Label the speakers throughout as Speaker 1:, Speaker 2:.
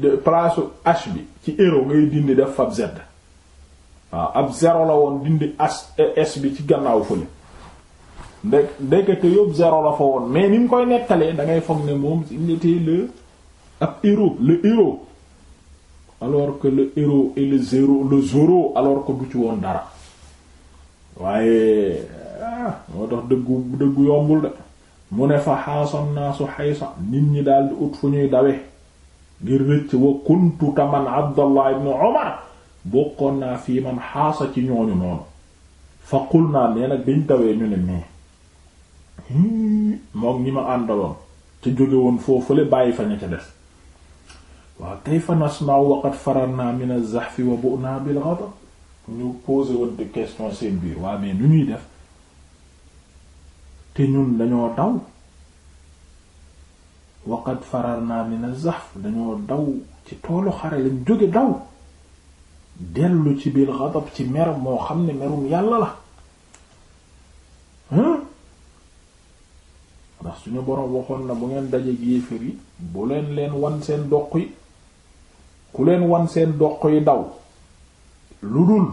Speaker 1: de place h bi ci euro ngay dindi def fab z waaw ab la woon dindi as eh, s bi ci gannaaw fële ndek ndekete yóbbu zéro la fa woon mais ni mu koy nettalee da ngay foog ne moom il était le ab euro le euro alors que le euro et le zéro le zéro alors que du ci woon dara waaye ah, moo tax dëggu dëggu yombul de mu ne fa xaasan naasu xaysa nit ñi daal di ut fu ñuy dawe ngir rëcc wa kuntu taman abdallah ibn omar bokkoon naa fii man xaasa ci ñooñu noonu fa qul naa nee nag biñ dawee ñu ne nii moom ñi ma àndaloon te jóge woon foofule bàyyi fa ñu ca des waaw kayfa nasma'u waqad fararna min az-zahfi wa bu'na bil ghadab ñu posé woon de question seen biir waa mais nu ñuy def te ñun dañoo daw waqad fararna min az-zahf dañoo daw ci toolu xare lañ jóge daw dellu ci biir ghadab ci mer moo xam ne merum yàlla la ndax suñu boroom waxoon na bu ngeen daje yéeféer yi bu leen leen wan seen doq yi ku leen wan seen doq yi daw lu dul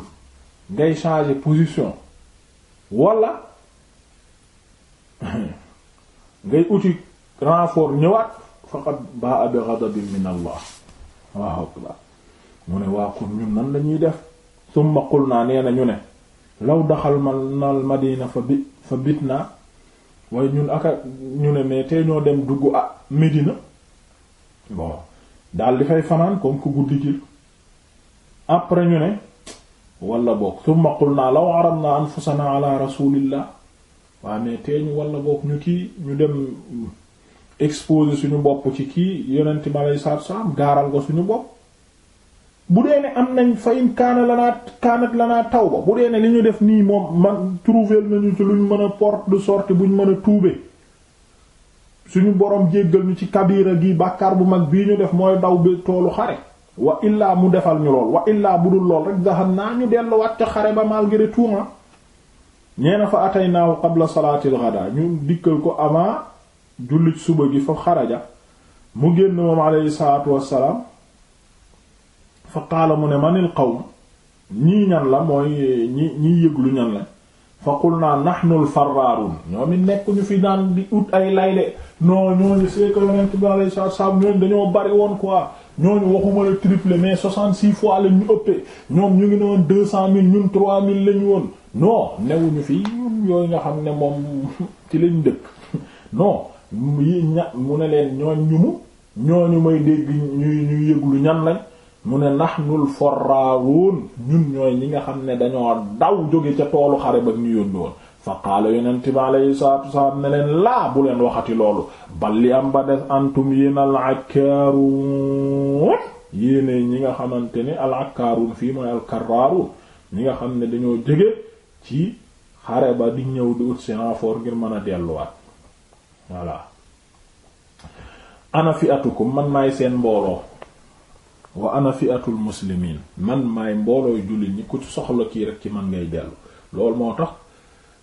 Speaker 1: ngay changer position walla ngay uti renfort ñëwaat faqad baa bi ghadabin min allah waaw mu ne waa kon ñun nan lañuy def summa qulna naa na ñu ne law daxal man al madina fa bi fa bitna waaye ñun aka ñu ne mais tey ñoo dem dugg ah Medina bon daal di fay fanaan comme ku guddi gi après ñu ne wala boog summa qulna law aradna anfusana ala rasulillah waaw mais teeñu na boog ñu kii ñu dem exposer suñu bopp ci kii yonent bi aleyhi salaatu gaaral ko suñu bopp bu dee ne am nañ fa in kaana lanaa kaanat taw tawba bu dee ne li ñu def nii moom man trouver nañu ci luñ mën a porte de sortie buñ mën a tuube suñu borom jéggal ñu ci kabira gii bàkkaar bu mag bii ñu def mooy daw bi toolu xare wa illaa mu defal ñu lool wa illaa bu dul lool rek nga xam naa ñu delluwaat ca xare ba malgré tout ma ah. nee na fa ataynaahu qabla salaatil ghadaa ñu dikkal ko avant jullit suba gi fa xaraja mu génn moom aleyhi salaatu wassalaam fa qaala mu ne manil qawm ñii ñan la mooy ñi ñii yëglu ñan la fa qul naa naxnul farraarun ñoom nekk ñu fi daan di ut ay layle salaam ñooñu dañoo bari woon quoi ñooñu waxuma la triple mais 66 fois la ñu ëppee ñoom ñu ngi ne woon 200000 ñun 3000 la ñu woon non newuñu fi ñun yooyu nga xam ne moom ci lañ dëkk non mu ne leen ñooñ ñu mu ñooñu may dégg ñuy ñu yëglu ñan lañ mu ne nahnul forraawun ñun ñooy ñi nga xam ne dañoo daw jóge ca toolu xare ba ñu yónni woon fa qaala yonent bi alayhi salaatu wasalaam ne leen laa bu leen waxati loolu bal li am ba des antum yéen alakaaruun yéene ñi nga xamante ni alakaaruun fii mooy alkaraaruun ñi nga xam ne dañoo jóge ci xare ba di ñëw di ut si ngir mën a delluwaat voilà ana fi atukum man maay seen mbooloo wa ana fi atul muslimin man maay mboolooy jullit ñi ku soxla kii rek ci man ngay dellu lool moo tax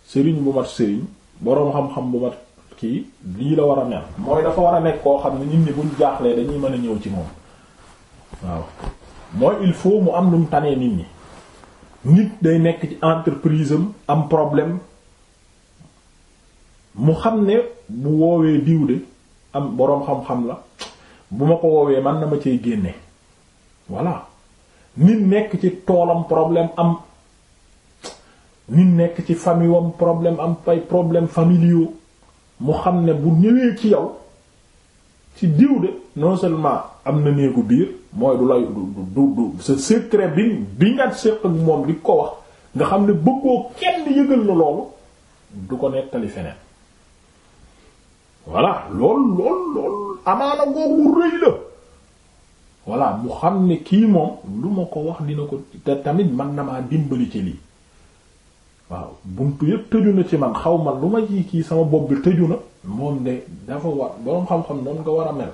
Speaker 1: sëriñ bu mat sëriñ boroom xam-xam bu mat kii lii la war a mel mooy dafa war a nekk koo xam ne nit ñi buñ jaaxlee dañuy mën a ñëw ci moom waaw mooy il faut mu am lu mu tanee nit ñi nit day nekk ci entreprise am am problème mu xam ne bu woowee diw de am boroom xam-xam la bu ma ko woowee man na ma cay génne voilà nit nekk ci toolam problème am nit nekk ci famille am problème am ay problème familiaux mu xam ne bu ñëwee ci yow ci diw de non seulement am na néegu biir mooy du lay du du sa secret bi bi nga séq ak moom di ko wax nga xam ne bëggoo kenn yëgal na loolu du ko nettali feneen voilà lool lool lool amaana googu rëy la voilà mu xam ne kii moom lu ma ko wax dina ko te tamit man na maa dimbali ci lii waaw buntu yëpp tëju ci man xaw ma lu ma ji kii sama bopp bi tëju na moom de dafa war boroom xam-xam noonu nga war a mel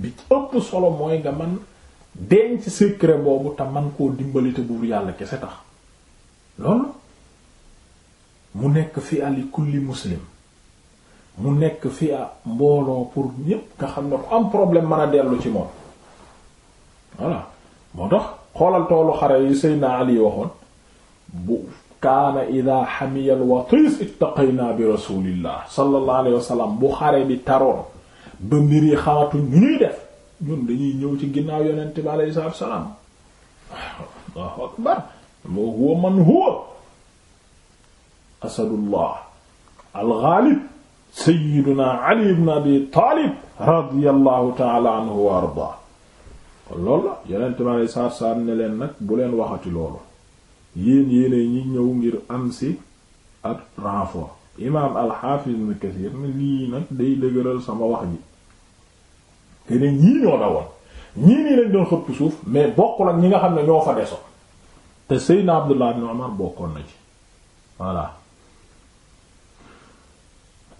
Speaker 1: bi ci solo mooy nga man denc secret boobu te man koo dimbali te yàlla kese tax loolu mu nekk fi ali kulli muslim mu nekk fi a mbooloo pour yépp nga xam ne ku am problème mën a dellu ci moom voilà moo tax xoolal toolu xare yi Seydina Ali waxoon bu kaana ida xamiya alwatiis ittaqaynaa bi rasulillah sallallahu alayhi wa sallam bu xare bi taroon ba mbir yi xamatu ñu ñuy def ñun dañuy ñëw ci ginnaaw yonent bi alayhi salaatu wasalaam allahu akbar moo huwa man huwa asadullah algaalib sayiduna ali ibn abi taalib radiyallahu taala anhu wa ardaa kon loolu la yonent bi alayhi salaatu wasalaam ne leen nag bu leen waxati loolu yéen yéene ñi ñëw ngir am si ak renfort imaam alxaafiz ibn Kasiir lii nag day dëgëral sama wax ji te ne ñoo dawoon ñii nii lañ doon xëpp suuf mais bokkul ak ñi nga xam ne ñoo fa desoon te Seydina Abdullah ibn Umar bokkoon na ci voilà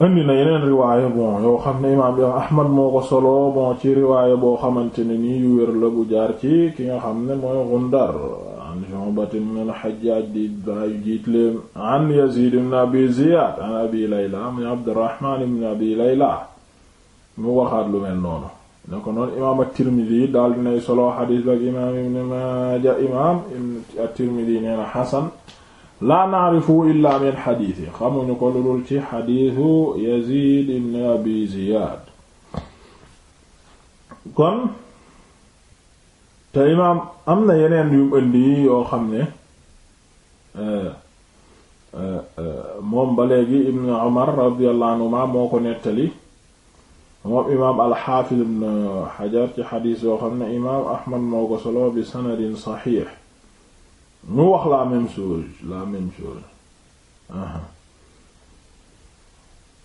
Speaker 1: indi na yeneen riwaaya bon yoo xam ne imaam yow Ahmad moo ko solo bon ci riwaaya boo xamante ne nii yu wér la bu jaar ci ki nga xam ne mooy Gundar an Shu'bat ibn al-Hajjaj di baayu jiitleem an Yazid ibn Abi Ziyad an Abi Layla min Abdurrahman ibn Abi Layla mu waxaat lu mel noonu ne ko noonu imaam at-Tirmidhi daal dinay solo xadiis bak imaam Ibn Maaja imaam at-Tirmidhi nee na xasan laa na'rifu illaa min xadiisi xamuñu ko lu dul ci xadiisu Yazid ibn Abi Ziyad kon te imaam am na yeneen yu indi yoo xam ne euh, euh, euh, moom ba léegi ibnu Umar radiyallahu anhuma moo ko nettali moom imaam alxaafiz ibn Hajar ci xadiis yoo xam ne imaam Ahmad moo ko solo bi sanadin saxiix ñu wax la même chose la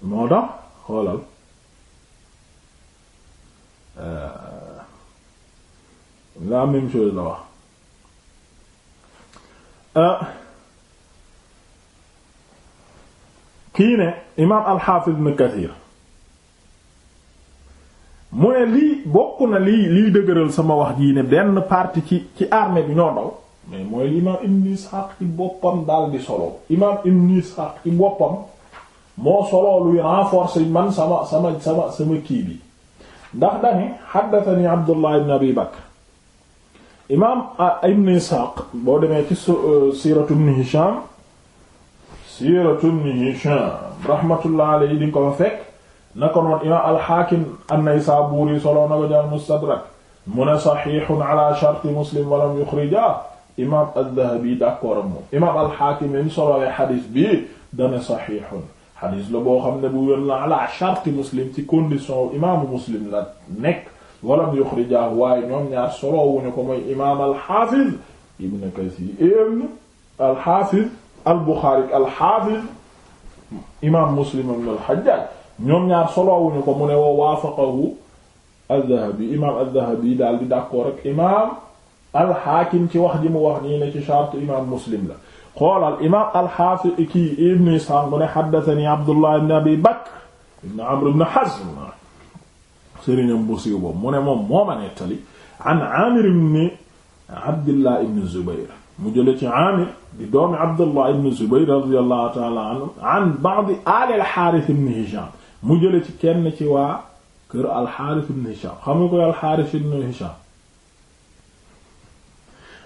Speaker 1: moo tax xoolal la même chose la wax euh, kii ne imaam alxaafiz ibn na mu ne lii bokk na lii liy dëgëral sama wax jii ne benn partie ci ci armée bi ñoo daw mais mooy imaam ibn isxaaq ci boppam daal di solo imaam ibn isxaaq ci boppam moo solo luy renforcer man sama sama sama sama kii bi ndax dañu xaddatani abdullah ibn abi bakr imaam ibn Isaaq boo demee ci euh, siiratu ibn Hisham siiratu ibn Hisham rahmatullah alayhi di nga ko fa fekk na ko noon imaam al-Hakim an-Naysaburi soloo na ko jaal Mustadrak mu ne saxiixun ala sharti Muslim wa lam yuxrija imaam ad-Dahabi d'accord ak moom imaam al-Hakim mi solowee xadiis bi dana saxiixun xadiis la boo xam ne bu wér la ala sharti Muslim ci condition imaamu Muslim la nekk walam yuxrijaahu waaye ñoom ñaar soloowuñu ko mooy imaam alxaafiz ibn kasiir alxaafiz albuxaari alxaafiz imaam muslim ibn alxajjaaj ñoom ñaar soloowuñu ko mu ne wa waafaqahu aldahabi imaam aldahabi daal di d'accord ak imaam alxaakim ci wax ji mu wax nii ne ci shart imaam muslim la xoolal imaam alxaafiz kii ibn isxaaq mu ne xaddatani abdullah ibn abi bakr ibn amr ibn hazm sëriñam bu siiw boobu mu ne moom moo ma nettali an Aamir ibn mu jële ci di doomi Abdullah ibn Zubayr radiyallahu ta'ala mu jële ci kenn ci waa kër al-Haaris ibn Hisham xam nga koy al-Haaris ibn Hisham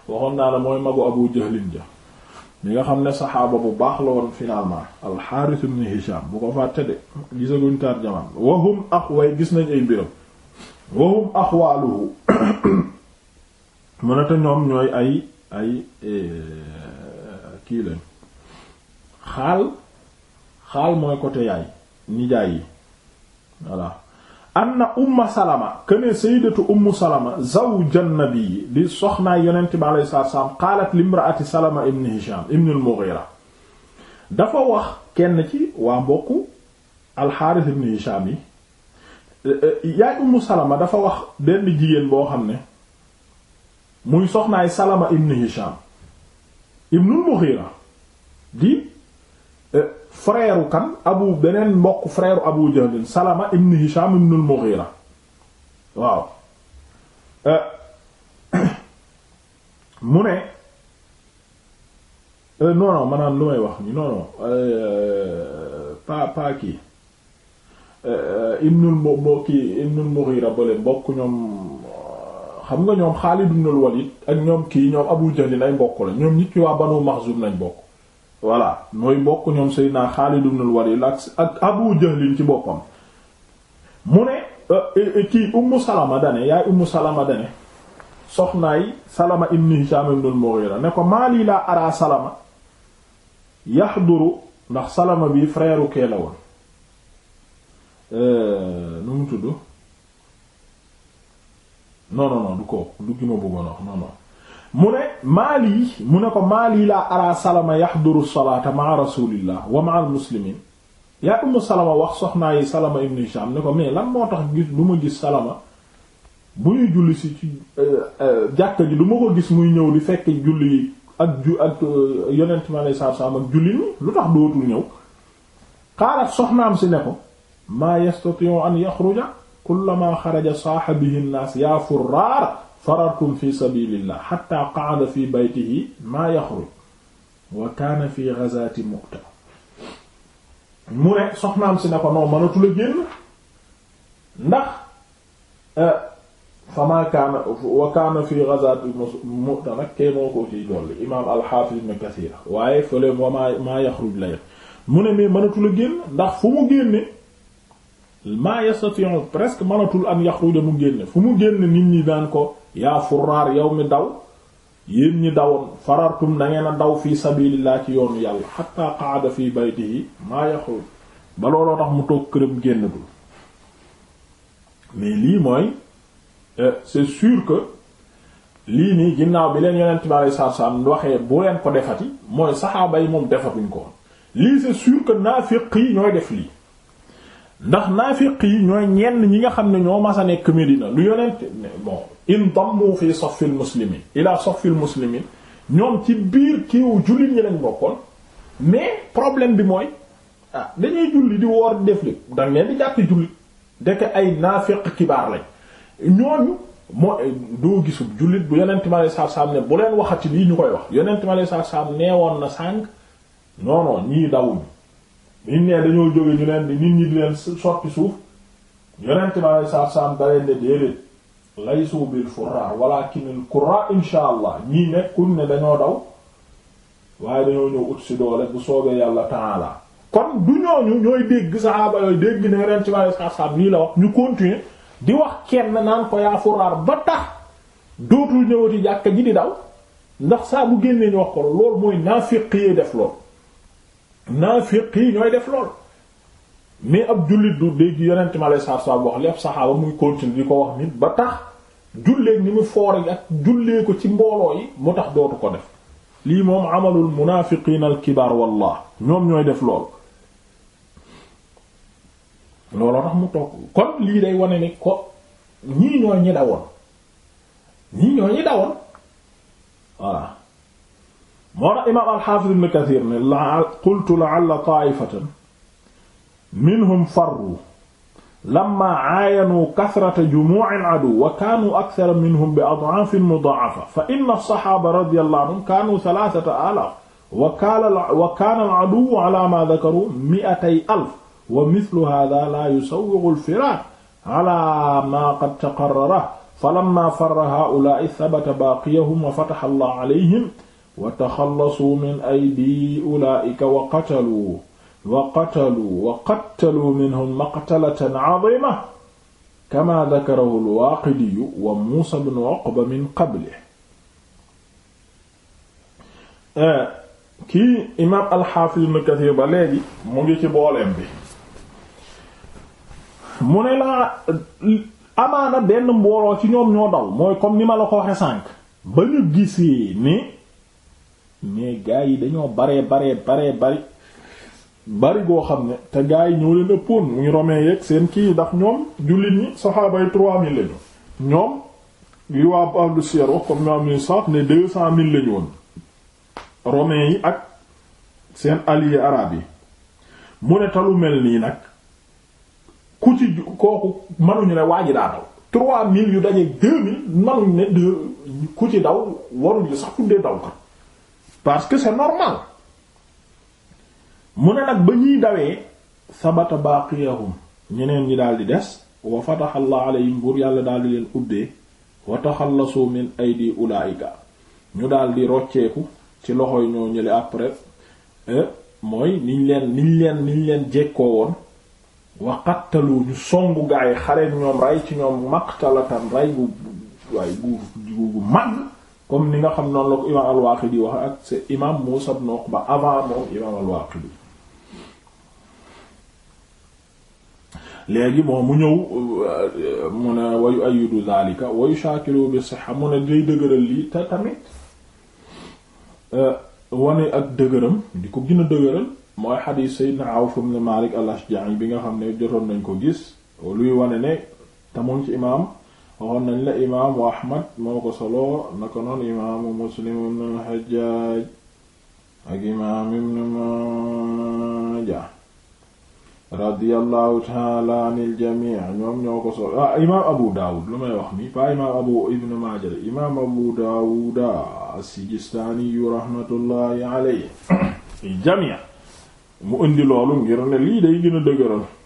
Speaker 1: waxoon naa la mooy magu Abu Jahlin ja mi nga xam ne saxaaba bu baax la woon finalement alxaaris ibn hisham bu ko fàtte de gisaguñ tarjamam wahum axway gis nañ ay mbiram wahum axwaaluhu mënata ñoom ñooy ay ay e, kii lañ xaal xaal mooy côté yaay nijaay yi voilà anna umma salama kene sayyidatu ummu salama zawjan nabi di soxnaay yonent bi alayhi salaatu salaam qaalat limraati salama ibn hisham ibn al dafa wax kenn ci waa mbokku alxaaris ibn hisham yi Euh, euh, yaay ummu salama dafa wax denn jigéen boo xam ne muy soxnaay salama ibn hisham ibnul mughira di euh, frère kan abu beneen mbokk frère abu jahlin salama ibn hisham ibnul mughira waaw mu ne non non lu may wax ni non non pas kii Euh, ibnul mo moo kii ibnul Mughira bale mbokk ñoom xam nga ñoom Xaalid ibnul Walid ak ñoom kii ñoom Abu Jahl ay mbokku la ñoom ñi ci waa Banu Maxzum nañ bokk voilà mooy mbokk ñoom Seydina Xaalid ibnul Walid ak Abu Jahl ci boppam mu ne euh, kii Ummu Salama dane yaay Ummu Salama dane soxnaay Salama ibn Hisham Mughira ne ko maali laa araa Salama yahduru ndax Salama bi frère kee la woon Euh, nu mu tudd non non non du ko du ma bëggoon wax non mu ne maali mu ne ko maali laa ara salama yahduru salaata maa rasulillah wa maa al muslimin yaa ummu salama wax soxnaa yi salama ibn Hisham ne ko mais lan moo tax gis du ma gis salama bu ñuy julli si ci euh, euh, jàkka ji du ma ko gis muy ñëw di fekk julli yi ak ju ak yonent mi alei salaam ak julli ni lu tax dootul ñëw xaalat soxnaam si ne ko maa yastati'u an yaxruja kullamaa xaraja saaxa bihi nnaas yaa furraar farartum fi sabilillah xatta qa'ada fi baytihi maa yaxruj wa kaana fi ghazaati mu'ta mu ne soxnaam si ne ko non mënatu la génn ndax euh, fama kaana wa kaana fi ghazaati mu'ta nag kay moo ko ciy dolli imaam al-Haafiz ibn Kasiir waaye fële wa maa maa yaxruj la mu ne mais mënatu la génn ndax fu mu génne maa yastati'u presque mënatul am yaxruja mu génne fu mu génn nit ñi daan ko yaa furaar yow mi daw yéen ñi dawoon farartum da ngeen a daw fi sabilillah ci yoonu yàlla hatta qaada fi baytihi maa yaxruj ba looloo tax mu toog këram génn dul mais lii mooy euh, c'est sûr que lii nii ginnaaw bi leen yonent bi alayhi salaatu salaam waxee bu leen ko defati mooy saxaaba yi moom defatuñ ko woon lii c'est sûr que naafiq ñooy def lii ndax naafiq yi ñooy ñenn ñi nga xam ne ñoo mas a nekk Medina lu yonent bon indammu fi saffil muslimin ila saffil muslimin ñoom ci biir kiiwu jullit ñi lañ bokkoon mais problème bi mooy ah dañuy julli di woor di def lépp dang leen di jàppe julli dëkk ay naafiq kibaar lañ ñooñu moo doo gisul jullit bu yonent mi alayhi salaatu salaam ne bu leen waxati lii ñu koy wax yonent mi alayhi salaatu nee woon na sànq non non ñii dawuñu biñ nee dañoo jóge ñu leen di nit ñi di leen sotti suuf yonent bi alei saatu salaam daleen ne déedéet laysu bil furra walakinil qurra insha allah ñii nekkuñ ne dañoo daw waaye dañoo ñëw ut si doole bu soobee yàlla taala kon du ñooñu ñooy dégg saxaaba dégg ne yonent bi alei saatu salaam nii la wax ñu continuer di wax kenn naan ko yaa furraar ba tax dootul ñëwati jàkka ji di daw ndax saa bu génnee ñu wax ko loolu mooy naafiq yee def loolu naafiq ñooy def lool mais ab jullit du dégg yonent ma lay saab saab wax li ab saxaaba muy continuer di ko wax nit ba tax julleek ni mu foore ak jullee ko ci mbooloo yi mu tax dootu ko def lii moom amalul munaafiqiin al kibaar wallah ñoom ñooy def lool looloo tax mu toog kon lii day wone ni ko ñii ñooy ñi dawoon ñii ñooy ñi dawoon voilà moo tax imaam alxaafis ibn kathir ne la qultu la'alla taa'ifatan minhum farru lamma aayanu kathrata jumuu'il aduw wa kaanu akthara minhum bi ad'aafin mudaafa fa inna as-saxaaba radiyallahu anhum kaanu salaasata aalaaf wa kaana al-aduwwu alaa maa dakaruu mi'atay alf wa mithlu haadaa laa yusawwigu al-firaaq alaa maa qad taqarrara falammaa farra haa'ulaa'i thabata baaqiyahum wa fataha Allahu alayhim wa taxallasuu min aydi ulaa'ika wa qataluu wa qataluu wa qataluu minhum maqtalatan cadiima kamaa dakarahu lwaaqidiyu wa muusa bnu uqba min qablih kii imaam alxaafiz ibnu kasiir ba léegi mu ngi ci booleem bi mu ne laa amaana benn mbooloo ci ñoom ñoo dal mooy comme ni ma la ko waxe sànk ba ñu gisee ni mais gars yi dañoo baree baree baree bari bari goo xam ne te gars yi ñoo leen ëppoon muy romain yeeg seen kii ndax ñoom jullit ñi saxaaba yi trois mille lañu ñoom li waa ahlu siyar wax comme ñoom ni ne deux cent mille lañu woon romain yi ak seen alliés arabes yi mu ne talu mel nii nag ku ci kooku mënuñu ne waa ji trois mille yu daje deux mille mënuñu ne deux ku ci daw waruñu sax tuddee daw kat parce que c'est normal mu ne nag ba ñuy dawee sabata baaqiyahum ñeneen ñi daal des wa fataha allah alayhim buur yàlla daal di leen ubbee wa taxallasu min aydi ulaayika ñu daal di rocceeku ci loxoy ñoo ñële après eh, mooy niñ leen niñ leen niñ leen jekkoo woon wa qattalu ñu songu gaay xareet ñoom rey ci ñoom maqtalatan rey gu gu gu mag comme ni nga xam noonu la ko imaam al wax ak c'est imaam Muusaa ibn Uqba avant moom imaam al-Waaqidi léegi bon mu ñëw mu ne wayu ayidu zalika wayu shaakiru bi sihha mu ne day dëgëral lii te tamit euh, wane ak dëgëram di ko gën a dëgëral mooy xadiis sayyidina Awf ibn Maalik al-Ashja'i bi nga xam ne jotoon nañ ko gis luy wane ne te ci imaam waxoon nañ la imaamu ahmad moo ko solo naka noon imaamu muslim ibn al ak imaam ibn maaja radiyallahu taala anil jamii ñoom ñoo ah, imaam abu daawud lu may wax nii imaam abu ibn maaja imaam abu daawuda as rahmatullahi alayhi jamii mu indi loolu ngir ne lii day gën a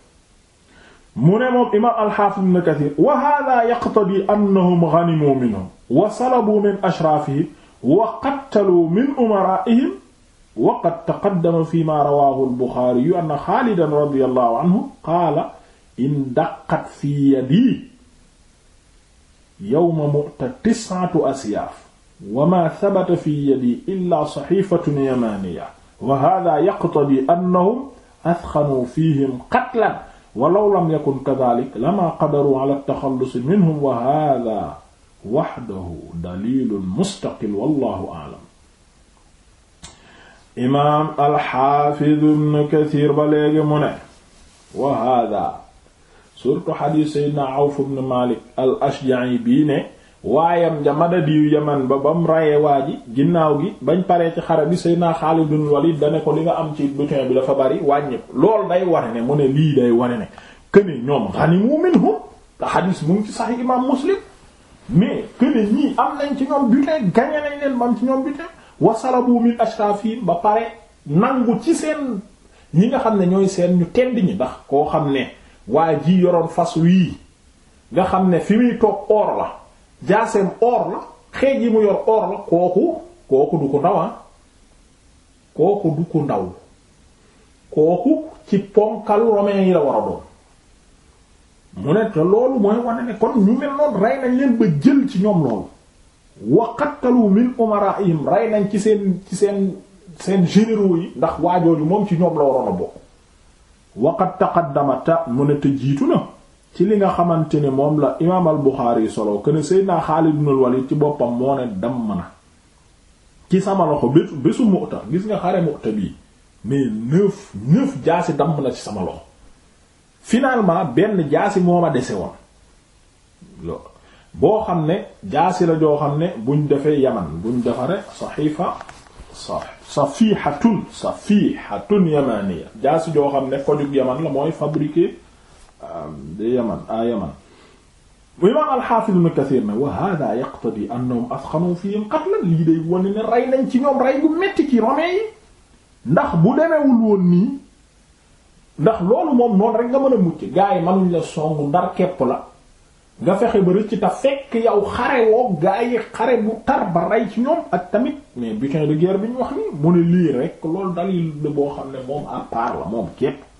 Speaker 1: mu ne moom imaam alxaafid ibn kathir wa hada yaqtadi annahum ganimu minhum wa salabu min ashraafihim wa qattalu min umaraa'ihim wa qad taqaddama fi ma rawaahu albuxaariyu anna xaalidan radiyallahu anhu qaala indaqqat fi yadii yawma mu'ta tis'atu asyaaf wa ma thabata fi yadii illaa saxiifatun yamaaniya wa hada yaqtadi annahum athqanu fiihim qatlan walaw lam yakun kadhalik lama qadaru ala taxallus minhum wa hadha waxdahu dalilun mustaqil wallahu a'lam imaam alxaafiz ibn kathir ba léegi mu ne wa hadha surtout xadiis sayyidina awf ibn malik al ashja'i bii ne waayam ja madadiyu yaman ba ba mu rayee waa ji ginnaaw gi bañ paree ci xare bi Seydina Xaalid ibn Walid da ne ko li nga am ci butin bi dafa bari wàññi ko loolu day ware ne mu ne lii day ware ne këne ñoom ganimu minhum te xadiis mu ngi ci Sahih Imaam Muslim mais këne ñii am nañ ci ñoom butin gagné nañ leen bam ci ñoom bi te butin wasalabu min ashrafiin ba pare nangu ci seen ñi nga xam ne ñooy seen ñu tend ñi ndax koo xam ne waa ji yoroon fas wii nga xam ne fi muy toog la jaaseem or la xeej yi mu yor or la kooku kooku du ko ndaw ah kooku du ko ndaw kooku ci ponkalu romain yi la war a doon mu ne te loolu mooy wane ne kon ñu mel noonu rey nañ leen ba jël ci ñoom loolu waqattalu min umaraihim rey nañ ci seen ci seen seen généraux yi ndax waajooju moom ci ñoom la waroon a bokk waqad taqaddamata mu ne te jiitu na ci li nga xamante ne moom la imaam al Buxaari solo que ne Seydina Xaalid ibn Walid ci boppam moo ne damm na ci sama loxo bésu bésu Mu'ta gis nga xare Mu'ta bii mais neuf neuf jaasi damm na ci sama loxo finalement benn jaasi moo ma dese woon boo xam ne jaasi la joo xam ne buñ defee Yaman buñ defare saxiifa safihatun safihatun yamaniya jaasi joo xam ne kojug Yaman la mooy fabriqué di yaman a yaman bu imaam alxaafiz ibn Kasiir ne wa hada yaqtadi annahum asxanu fihim qatlan lii day wane ne rey nañ ci ñoom rey bu metti ci romain yi ndax bu demewul woon nii ndax loolu moom noonu rek nga mën a mucc gaa yi mënuñ la song ndar kepp la nga fexe ba rëcc ta fekk yow xare woo gaa xare bu tar ba rey ci ñoom ak tamit mais butin de guerre bi ñu wax ni mu ne lii rek loolu dalil boo xam ne moom à part la moom képp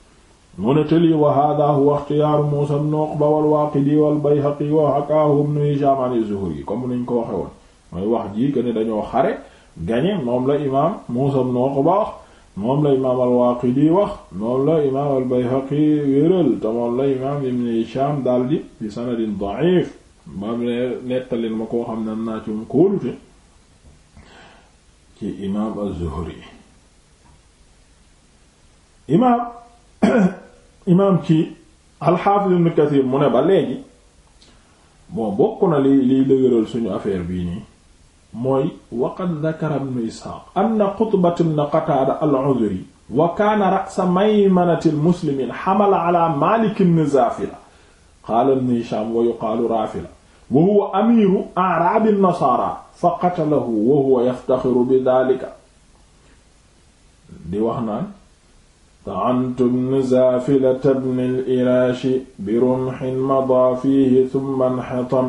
Speaker 1: mu ne tëli wa hada huwa ixtiyaaru Muusaa ibn Uqba wal Waaqidi wal Bayhaqi wa hakaahu ibn Hishaam an Zuhri comme nañ ko waxe woon mooy wax jii que ni dañoo xare gañe moom la imaam Muusaa ibn Uqba wax moom la imaam al Waaqidi wax moom la imaam al Bayhaqi wéral daldi bi sanadin da'if moom ne nettalin ma koo xam ne am naa ci mu kóolute ci imaam az-Zuhri imaam imaam ci alxaafis ibn Kathir mu ne ba léegi bon bokk na li liy dëgëral suñu affaire bii nii mooy waqad dakara ibn Isxaaq anna Qutbat ibn Qataada al-Udhri wa kaana ra'sa maymanati al-muslimiin hamala ala Maalik ibn Zaafila qaala ibn Hishaam wa yuqaalu Raafila wa huwa amiiru a'raab an-nasaara fa qatalahu wa huwa yaftaxiru bi daalika di wax naan taantu bn zaafilata bn al-iraashi bi rumxin madaa fiihi tumma nxatam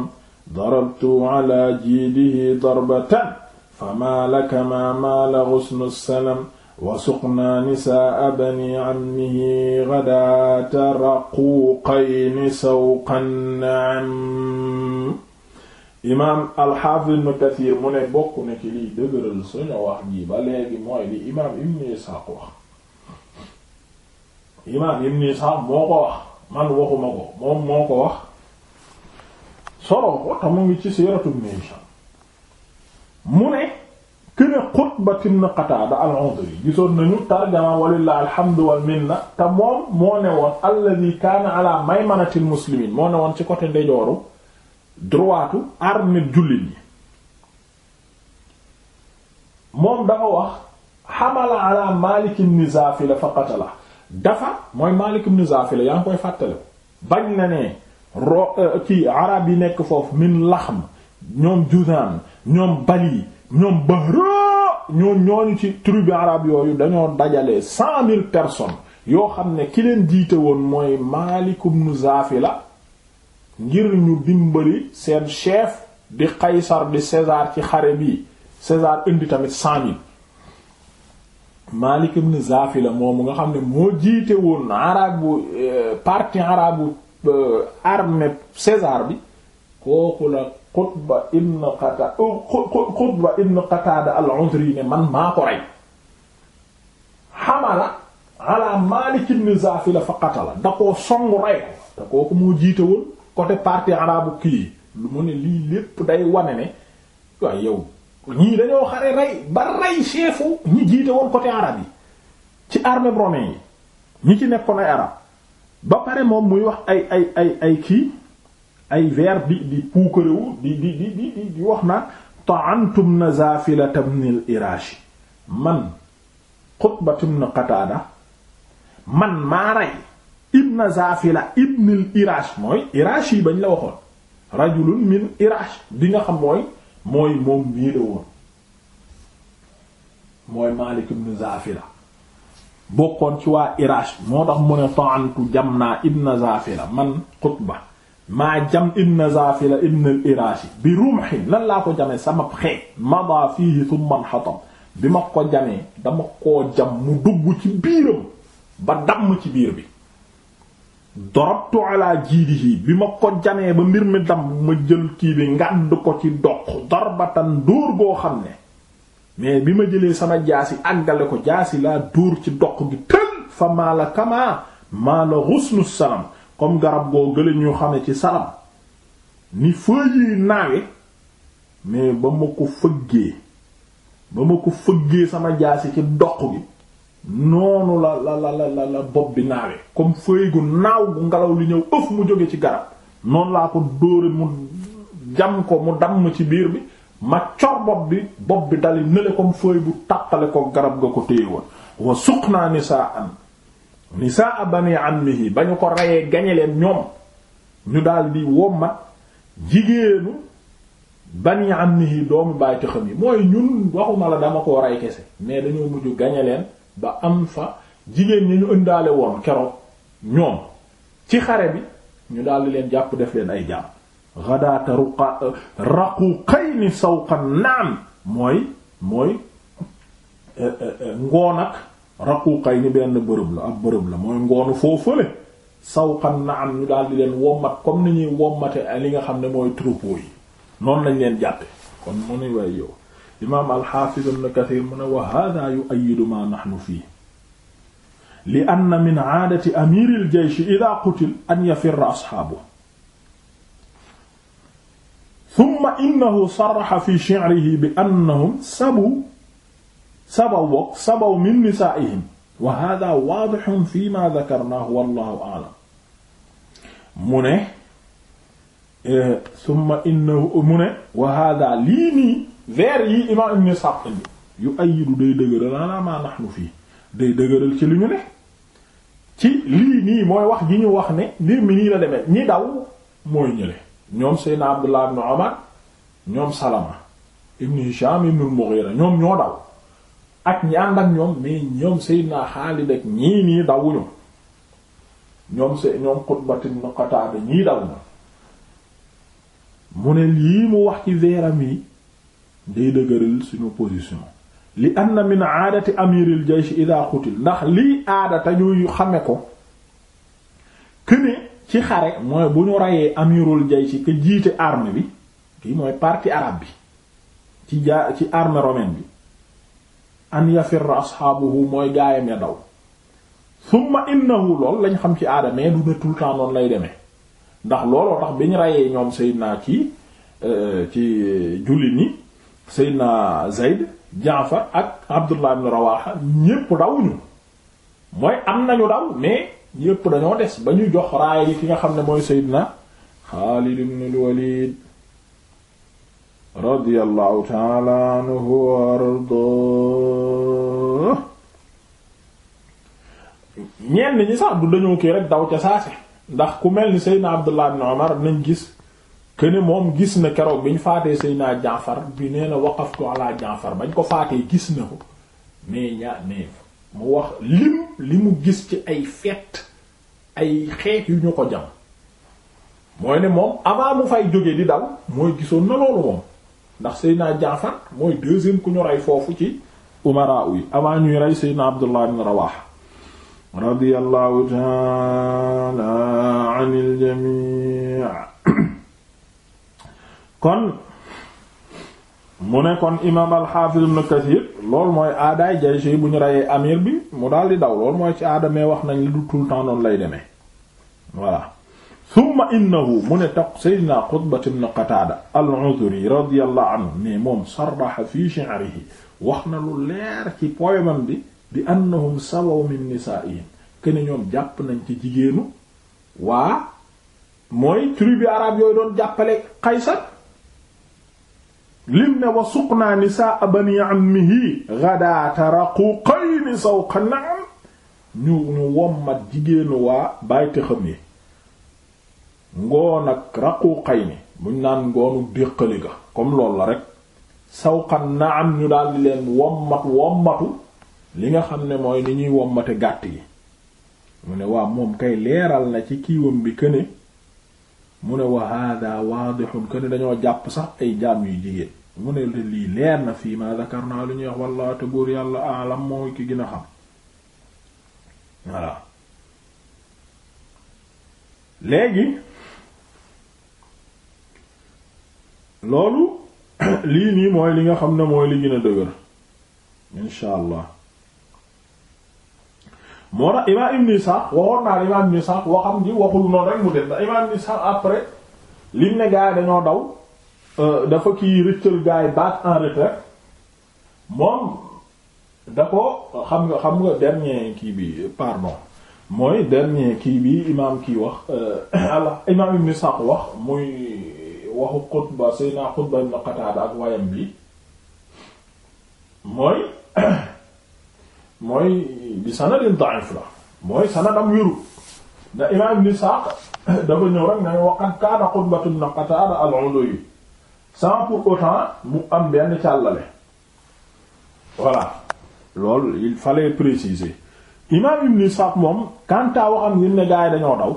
Speaker 1: darabtu calaa jiidihi darbatan famaa laka maa maala xusnu salam wa suqnaa nisaa bani cammihi gadaata raquuqayni sawqan naam imaam alxaafid ibn kasiir mu ne bokk na ci liy dëgëral suñu wax ji ba léegi mooy li imaam ibn isxaaq wax imaam ibn Isaaq moo ko wax man waxuma ko moom moo ko wax soloo ko te ngi ci siiratu ibn Hishaam mu ne këne Qutba ibn Qataada al-Udri gisoon nañu tarjama walillahi alhamdu wal minna te moom moo ne woon alladhi kaana ala al-muslimiin moo ne woon ci côté ndeyjooru droitu armée jullit ñi moom dafa wax hamala ala Maalik ibn Zaafila fa qatala dafa mooy Maalik ibn Zaafila yaa ngi koy fàttale bañ na ne ro ci euh, arab yi nekk foofu min laxm ñoom juzaan ñoom bali ñoom bahra ñoom ñooñu ci tribu arab yooyu dañoo dajale cent mille personnes yoo xam ne ki leen jiite woon mooy Maalik ibn la ngir ñu dimbali seen chef di Qaysar di César ci xare bi César indi tamit cent mille Malik ibn Zafila moomu nga xam ne moo jiite woon arabu euh, parti arabu euh, armée César bi kooku la Qutba ibn Qatada Qutba al-Udri ne man maa rey xamala ala Malik ibn Zafila fa qatala da songu rey ko te kooku moo jiite woon côté parti arabu kii lu mu ne lii lépp day wane ne waaye yow ñii dañoo xare rey ba rey chefu ñi jiite woon côté arabe yi ci armée romaine yi ñi ci nekkoon ay arab ba pare moom muy wax ay ay ay ay kii ay vers di di puukarewu di di di di di wax naa ta'antum na Zafilata ibn al-Irashi man Qutbat ibn Qatada man maa rey ibn Zafila ibn al mooy Irashi yi bañ la waxoon rajulun min Irash di nga xam mooy mooy moom nii la woon mooy Maalik ibn Zafira bokkoon ci waa Iraash moo tax mu ne ta'antu Jamna ibn Zafira man Qutba maa jam ibn Zafira ibn al-Iraashi bi rumhin lan laa ko jamee sama xeej mada fiihi thumma inhatam bi ma ko jamee dama koo jam mu dugg ci biiram ba damm ci biir bi dorobtu ala jiidihi bi ma ko jamee ba mbir mi dam ma jël kii bi ngàdd ko ci doq darbatan dóor goo xam ne mais bi ma jëlee sama jaasi àggale ko jaasi laa dóor ci doq gi tël fa maala kama maala rusnu salam comme garab goo gële ñu xame ci salam ni fëyi naawe mais ba ma ko fëggee ba ma ko fëggee sama jaasi ci doq gi noonu la la la la la bopp bi naawee comme fëy gu naaw bu ngelaw li ñëw ëf mu jóge ci garab noonu laa ko dóore mu jam ko mu damm ci biir bi ma cor bopp bi bopp bi dali nële comme fëy bu tàqale ko garab nga ko téye woon wa ni nisaa an nisaa bani ammihi ba ñu ko reyee gañe leen ñoom ñu daal di wommat jigéenu bani ammihi doomu bàyyi ci xam yi mooy ñun waxuma la dama koo rey kese mais dañoo mujj gañe leen ba am fa jigéen ñi ñu indaale woon keroog ñoom ci xare bi ñu daldi leen jàpp def leen ay jaam xadaata ni raquqayni sawqan naam mooy mooy eh, eh, eh, ngoon ak raquqayni benn bërëb la ab bërëb la mooy ngoonu foofale sawqan naam ñu daldi leen wommat comme ni ñuy wommate li nga xam ne mooy troupeau yi noonu lañ leen jàppe kon mu ne waaye yow imaam alxaafiz ibn kathir mu ne wa hada yu'ayyidu ma nahnu fii li anna min aadati amiril jaysh ida qutil an yafirra asxaabuhu thumma innahu sarraxa fi shi'rihi bi annahum sabu sabaw boog sabaw min nisaa'ihim wa hada waadihun fi ma dakarnaahu wallahu a'lam mu ne eh, thumma innahu mu ne wa hada lii nii vers yi imam ibn Sa'd indi yu ayidu day dëgëral ala ma nahnu fii day dëgëral ci li ñu ne ci lii nii mooy wax ji ñu wax ne mbir mi nii la demee ñi daw mooy ñële ñoom Seydina Abdullah ibn Umar ñoom Salama ibn Hisham ibn al-Mughira ñoom ñoo daw ak ñi ñoom ñoom Seydina Xaalid ak ñii daw na mu ne lii mu wax ci veeram yi day dëgëral suñu position li anna min aadati amiril jaysh ida xutil ndax lii aadata ñuy xame ko këne ci xare mooy bu ñu reyee amirul jaysh ke jiite armée bi kii mooy partie arabe bi ci jaa ci armée romaine bi an yafirra asxaabuhu mooy gaayam ya daw summa innahu lool lañ xam ci aada mais du lay demee ndax looloo tax bi ñu reyee ñoom sayyidna naa euh, ci jullit ñi Seydina Zayd Jaafar ak Abdullah ibn Rawaha ñépp dawuñu mooy am nañu daw mais ñépp dañoo des ba ñu jox raaya yi ki nga xam ne mooy Seydina Xaalid ibn al-Walid radiyallahu ta'ala anhu wa ardaa ñi sax du dañoo kii rek daw ca ndax ku mel ni Seydina Abdullah ibn Umar nañ gis këne moom gis na keroog bi ñu faatee Seydina Jaafar bi nee na waqaftu ala Jaafar bañ ko faatee gis na ko mais ñaa mais mu wax lim li mu gis ci ay fett ay xeet yu ñu ko jam mooy ne moom avant mu fay jógee di daw mooy gisoon na loolu moom ndax Seydina Jaafar mooy deuxième ku ñu rey foofu ci umara yi avant ñuy rey Seydina Abdullah ibn Rawaha radiyallahu ta'ala anil jami' kon mu ne kon imaam al-Hafiz ibn Kathir mooy aadaay jaysh yi bu ñu reyee amir bi mu daal di daw loolu mooy ci aadamee wax nañ la du tout le temps noonu lay demee voilà thumma innahu mu ne taq sayyidina Qutbah al-Udhri radiyallahu anhu mais moom sarraha fi shi'rihi wax na lu leer ci poemam bi bi annahum sabaw min nisaa'ihim kene ñoom jàpp nañ ci jigéenu waa mooy tribu arab yooyu doon jàppale Qaysar lim ne wa suqnaa nisaa bani ammihi ghadaata raquqayn saw na'am ñu ñu wommat jigéenu waa bàyte xam yi ngoon ak raquqayni buñ naan ngoonu déqali ga comme loolu la rek sawqa na'am ñu daal leen wommat wommatu li nga xam ne mooy ni ñuy wommate gàtt yi mu ne waa moom kay leeral na ci kiiwam bi këne mu ne wa hada waadixun que ne dañoo jàpp sax ay jaam yu jigéen mu ne lii leer na fii ma dakar naa lu ñuy wax walla te buur yàlla alam moo ki gin a xam voilà léegi loolu lii nii mooy li nga xam ne mooy li gën a dëgër incha moo tax imaam Ibn Ishaq waxoon naa imaam Ibn Ishaq waxam ji waxul noonu rek mu dem ndax imaam Ibn Ishaq après lim ne gars yi dañoo daw euh, dafa kii rëccal gars yi baat en retrait moom da xam nga xam nga dernier kii bi pardon mooy dernier kii bi imaam kii wax euh, ala imaam Ibn Ishaq wax muy waxu xutba Seydina xutba Ibn Qataada ak wayam bi mooy. mooy bi sanadin da'if la mooy sanadam wérul da imaam ibn Isaaq dafa ñëw rek nañ waqan kaana Qutbatu ibn Qataada al-Ulayyi sans pour autant mu am benn càllale voilà loolu il fallait imaam ibn Isaaq moom kantaa waxam ngir ne gaa dañoo daw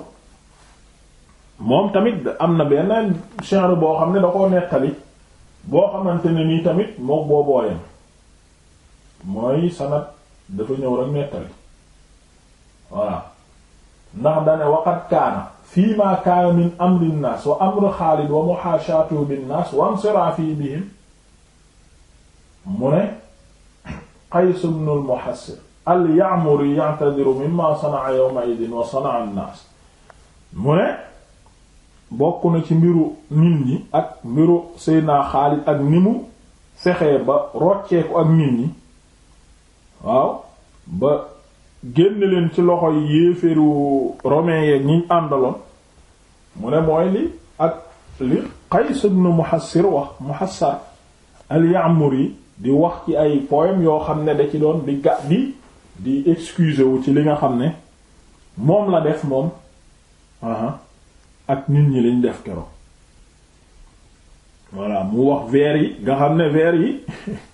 Speaker 1: moom tamit am na benn genre boo xam ne da koo nettali boo xamante ne nii tamit mook boobooyam mooy sanad dafa ñëw rek nettali voilà ndax dane waqat kaana fii ma kaana min amri nnaas wa amri xaalid wa muhaashatuhu binnaas wa insiraafi bihim mu ne qays ibn al muhassir al ya'muri ya'tadiru mimma sana'a yawma idin wa sana'a nnaas mu ne bokk na ci mbiru nit ñi ak mbiru seydna xaalid ak ni mu fexee ba rocceeku ak nit ñi waaw ba génn ci loxo yi yéeféeru romain yeeg ñiñ àndaloon mu ne mooy li ak li Qays ibn Muhassir wax Muhassar al-Ya'muri di wax ci ay poème yoo xam ne da ci doon di ga di di excuse wu ci li nga xam ne moom la def moom aha ak nit ñi lañ def keroog voilà mu wax vers nga xam ne vers yi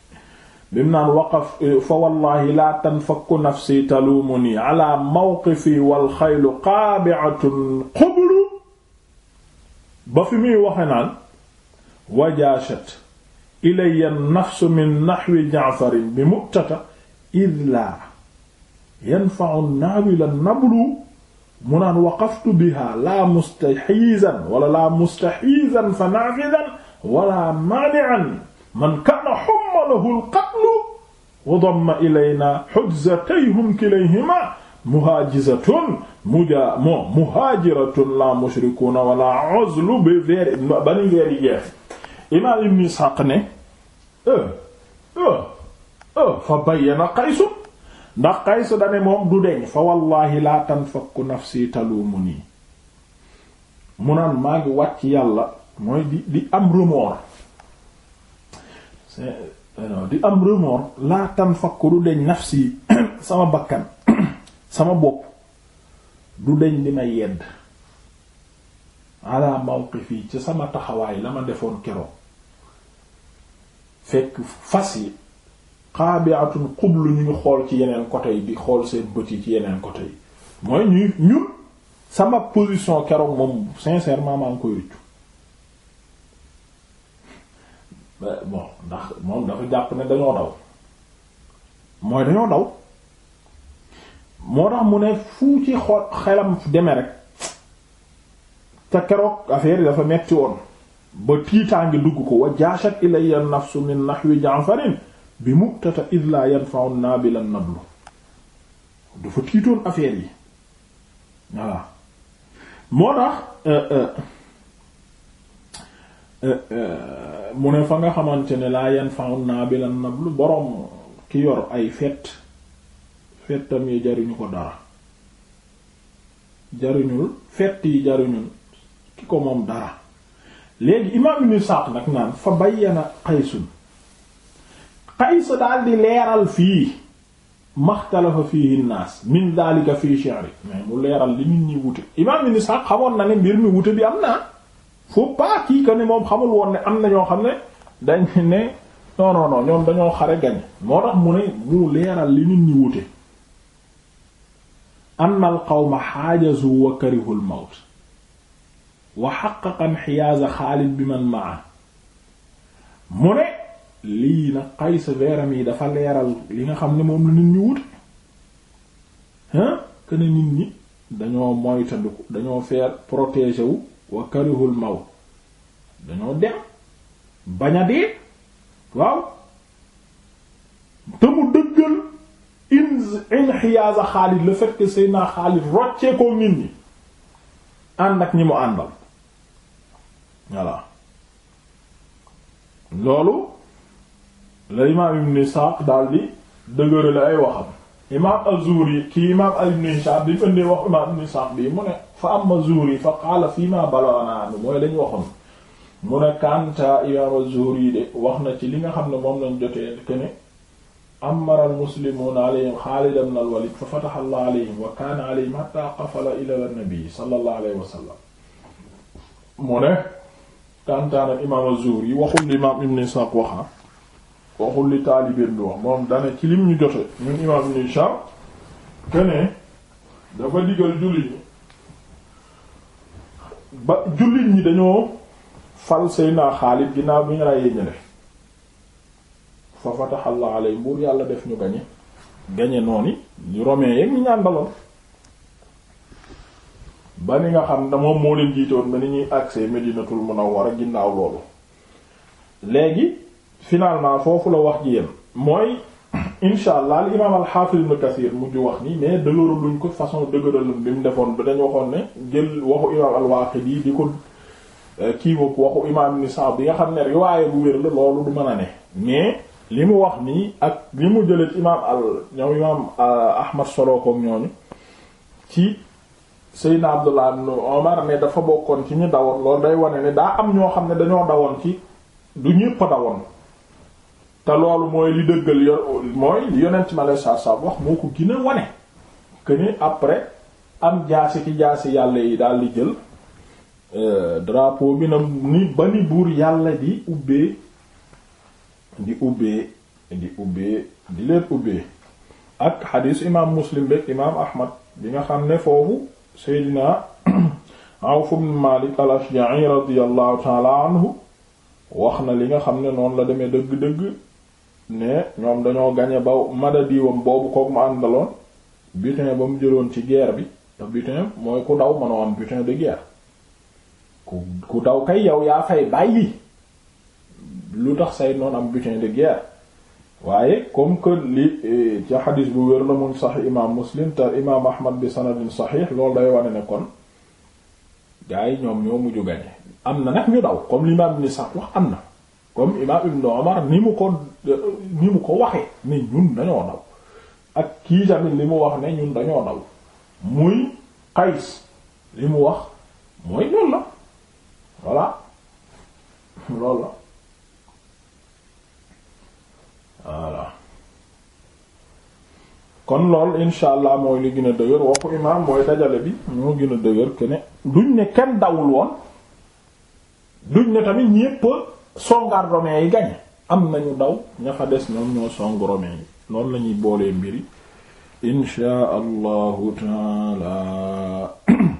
Speaker 1: bi mu naan waqaf eh, fa wallahi laa tanfakku nafsi taluumunii ala mawqifi wal xaylu qaabi'atun qublu ba fi muy waxe naan wajaashat ilayya nafsu min naxwi jaafarin bi mu'tata id laa yanfa'u naawila nablu mu naan waqaftu biha laa mustaxiizan wala laa mustaxiizan fa naafidan wala maani'an man kaana lahu al-qatlu wa damma ilayna hujzatayhum kilayhima muhajizatun muja mo muhajiratun la mushrikuna wala uzlu ba veer bani veer yi jeex imaam ibn Ishaq ne eh, eh, eh, fa bayyana Qays ndax Qays dane moom du deñ fa wallahi la tanfakku nafsi talumuni mu naan maa ngi wàcc yàlla mooy di di am remords Eh, di am remords laa tan fakku du deñ nafsi sama bakkan sama bopp du deñ di ma yedd ala fii ci sama taxawaay la ma defoon keroog fekk fas yi xaabiatun xublu ñu xool ci yeneen côté yi di xool seen bët yi ci yeneen côté yi mooy ñu ñun sama position keroog moom sincèrement maa ngi ko yëccu bon ndax moom dafa jàpp ne dañoo daw mooy dañoo daw moo tax mu ne fu ci xelam demee rek ca keroog affaire yi dafa metti woon ba tiitaange dugg ko wa jaashat ilayya nafsu min nahwi ja'farin bi muktata id la yanfa'u nabila nablu dafa tiitoon affaire yi voilà moo tax euh, euh, euh, mu ne fa nga xamante ne laa yan faun naa bi lan nab lu boroom ki yor ay fet fettam yi jariñu ko dara jariñul fett yi jariñul ki ko moom dara léegi imaam ibn Sa'd nag naan fa bayyana Qaysun Qays daal di leeral fii maxtalafa fiihi naas min daalika fii shi'ri mais mu leeral li nit ñi wute imaam ibn Sa'd xamoon na ne mbir mi wute bi am naa faut pas kii que ne moom xamul woon ne am na ñoo xam ne dañ ne non non ñoom dañoo xare gañ moo tax mu ne mu leeral li nit ñi wute anna al qawma xaajazu wa karihu al mawt wa xaqaqa inxiyaaz Xaalid bi man ma mu ne lii nag Qays veeram yi dafa leeral li nga xam ne moom lu nit ñi wute hein que ne nit ñi dañoo moytandiku dañoo feer protéger wu wa karihul mawt dañoo dem bañ a dee waaw te mu dëggal inhiyaaza Xaalid le fait roccee ko nit ñi ànd ak ñi mu àndal voilà loolu la imaam Ibn Isaaq daal di ay waxam imaam az-Zuhri kii imaam ibn Hishaam bi mu ëndee wax imaam ibn Hishaam bi mu ne fa amma az-Zuhri fa qaala fii ma balaghanaa mooy lañ waxoon mu ne kanta imaam az-Zuhri de wax na ci li nga xam ne moom lañ jotee que ne amara al-muslimuuna alayhim Xaalid ibn al-Waliid fa fataha Allahu alayhim wa kaana alayhim hattaa qafala ila an-nabi sallallahu alayhi wa sallam mu ne kanta nag imaam az-Zuhri waxul li imaam ibn Hishaam waxa ah. waxul li taalibeem bi moom dana ci lim ñu jote ñun imaam Ibn Hisham keneen dafa digal jullit ñi ba jullit ñi dañoo fal Seydina Xaalid ginnaaw bi ñu ràyyee ñële fa fatahallahu alayhi buur yàlla def ñu gañe gañe noonu yi romain yeeg ñu ñaan ba ni nga xam ne moom moo leen jiitoon ba ni ñuy agsee Medinatul Munawwara ginnaaw loolu léegi finalement foofu la wax ji yem mooy insha allah al imaam al xaafis ibn Kasiir mujj wax nii mais dëgëraluñ ko façon dëgëralum bi mu defoon ba dañu waxoon ne jël waxu imaam al Waaqidi di ko euh, kii boog waxu imaam ibn bi nga xam ne riwaaye bu wér la loolu du mën a ne mais li mu wax nii ak li mu jëlee imaam al ñoom imaam euh, Ahmad solo koog ñooñu ci Seydina Abdullah ibn Omar ne dafa bokkoon ci ñu dawoon loolu day wane ne daa am ñoo xam ne dañoo dawoon ci du ñépp te loolu mooy li dëggal yo mooy yonent ma lay saar wax moo ko gën wane que après am jaasi ci jaasi yàlla yi daal di jël euh, drapeau bi na ni ba ni buur yàlla di ubbee di ubbee di leen ubbee ak xadiis imaam muslim beek imaam ahmad bi nga xam ne foofu seydina Awf ibn Malik al-Ashja'i radiyallahu ta'ala anhu wax na li nga xam ne noonu la deme dëgg-dëgg ne ñoom dañoo gañe ba madadiwam boobu kook mu àndaloon butin ba mu jëloon ci guerre bi te butin mooy ku daw mënoo am butin de guerre ku ku daw kay yow yaa fay bàyyi lu tax say noon am butin de guerre waaye comme que li eh, ci xadis bu wér la mun sax imaam muslim te imaam ahmad bi sanadin saxiix loolu day wane nekkoon kon yi ñoom ñoo mujju gañe am na nag ñu daw comme li imaam ni sax wax am na comme imam Ibn Omar ni mu ko ni mu ko waxee ne ñun dañoo daw ak kii tamit li mu wax ne ñun dañoo daw muy Qays li mu wax mooy loolu la voilà loolu la voilà kon lool insha mooy li gën dëgër waxu imaam mooy dajale bi moo gën dëgër que duñ ne kenn dawul woon duñ ne tamit ñépp songaat romain yi gañ am nañu daw ña fa des ñoom ñoo song romain yi noonu lañuy boolee mbiri insha allahu taala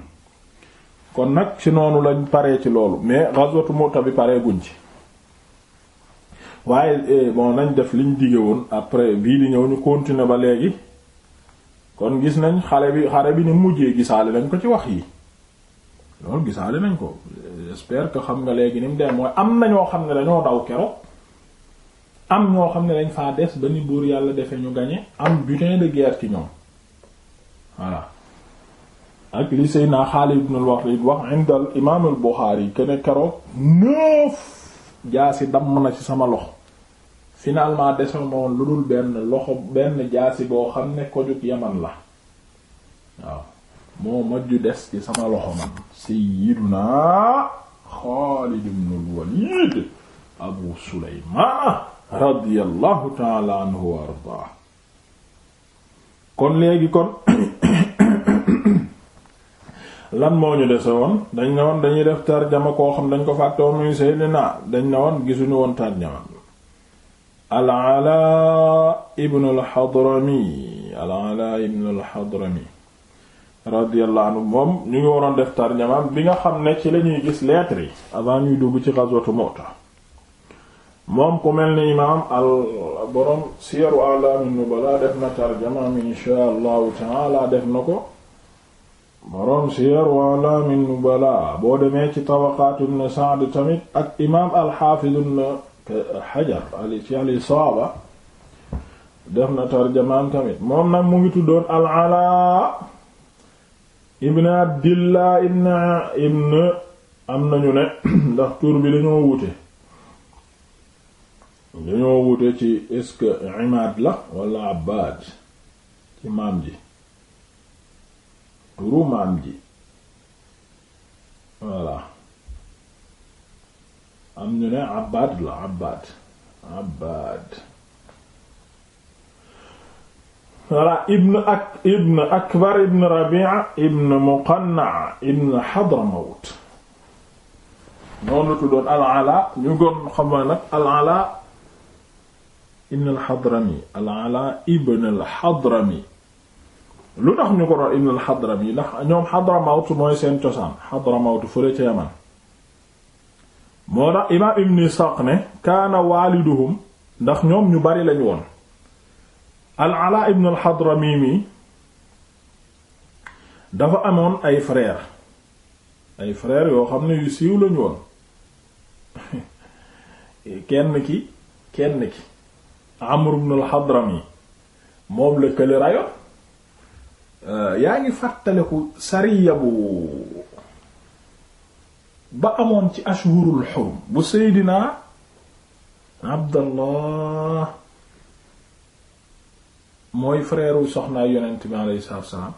Speaker 1: kon nag ci noonu lañ paree ci loolu mais ghazwatu moto bi paree guñ ci waaye eh, bon nañ def liñ dige woon après bii ñëw ñu continuer ba léegi kon gis nañ xale bi xare bi ni mujjee gisaale lañ ko ci wax yi loolu gisaale nañ ko j'espère que xam nga léegi ni mu dem mooy am na ñoo xam ne dañoo daw keroog am ñoo xam ne dañ faa des ba ni buur yàlla defee ñu gañe am butin de guerre ci ñoom voilà ak li Seydina Xaalid ibn al-Walid wax inda al imaam al Buxaari kene keroog neuf jaasi damm na ci sama loxo finalement dese ma woon lu dul benn loxo benn jaasi boo xam ne ko jug Yaman la waaw moo mujj des ci sama loxo man Sayyiduna Xaalid ibnul Waliid Abu Sulaymaan radiyallahu taala anhu wa ardaa kon léegi kon lan moo ñu dese woon dañ ne woon dañuy def tarjama koo xam dañ ko fàtte woon muy Seydina dañ ne woon gisuñu woon tarjama al-Alaa ibnul Hadrami al-Alaa ibnul Hadrami radiyallahu anhu moom ñu ngi waroon def tarjamaam bi nga xam ne ci la gis lettre yi avant ñuy dugg ci ghazwatu Mu'ta moom ku mel ni imaam al borom siyaru a'laami nubala def na tarjamaam inshaa allahu taala def na ko boroom siyaru a'laami nubala boo demee ci tabaqaatu ibn Sa'd tamit ak imaam al-Haafiz ibn Hajar ci def na tarjamaam tamit moom nag mu ngi tuddoon al-Alaa ibn abdillah ibn ibn am nañu ne ndax tur bi dañoo wute dañoo wute ci est-ce la wala abbaad ci maam ji turu maam ji voilà am ñu ne abbaad la abbaad abbaad voilà ibn ak la tuddoon al-Alaa ñu gën xamaa nag al-Alaa ndax ñoom Hadramawt mooy seen cosaan Hadramawt fële ca Yaman moo tax imaam Ibn Isxaaq ne waaliduhum ndax ñoom ñu bari lañ woon al alaa ibn al hadrami mi dafa amoon ay frère ay frère yoo xam ne yu siiw lañu woon kenn ki kenn ki amr ibn al hadrami moom la kële rayoon euh, yaa ngi fàttaleku sariya bu ba amoon ci ashhurul hurum bu seydinaa abdallah mooy frère wu soxnaa yonent bi alayhi salaatu wassalaam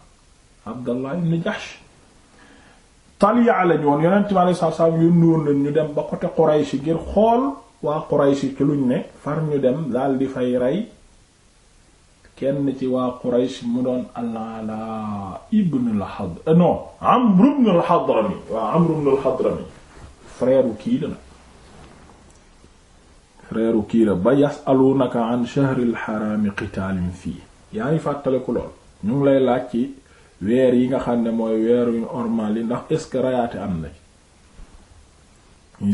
Speaker 1: Abdallah ibn Jahsh Taliya lañ woon yonent bi alayhi salaatu dem ba côté Quraysh ngir xool waa Quraysh ci luñ ne far ñu dem daal di fay rey kenn ci waa Quraysh mu doon Al-Alaa ibn al-Hadrami euh, non Amr ibn ba yas'alunaka an shahril haraami qitaalin fii yaa ngi fàttaliku lool ñu ngi lay laaj ci weer yi nga xam ne mooy weer yu normal yi ndax est-ce que rayaate am na ci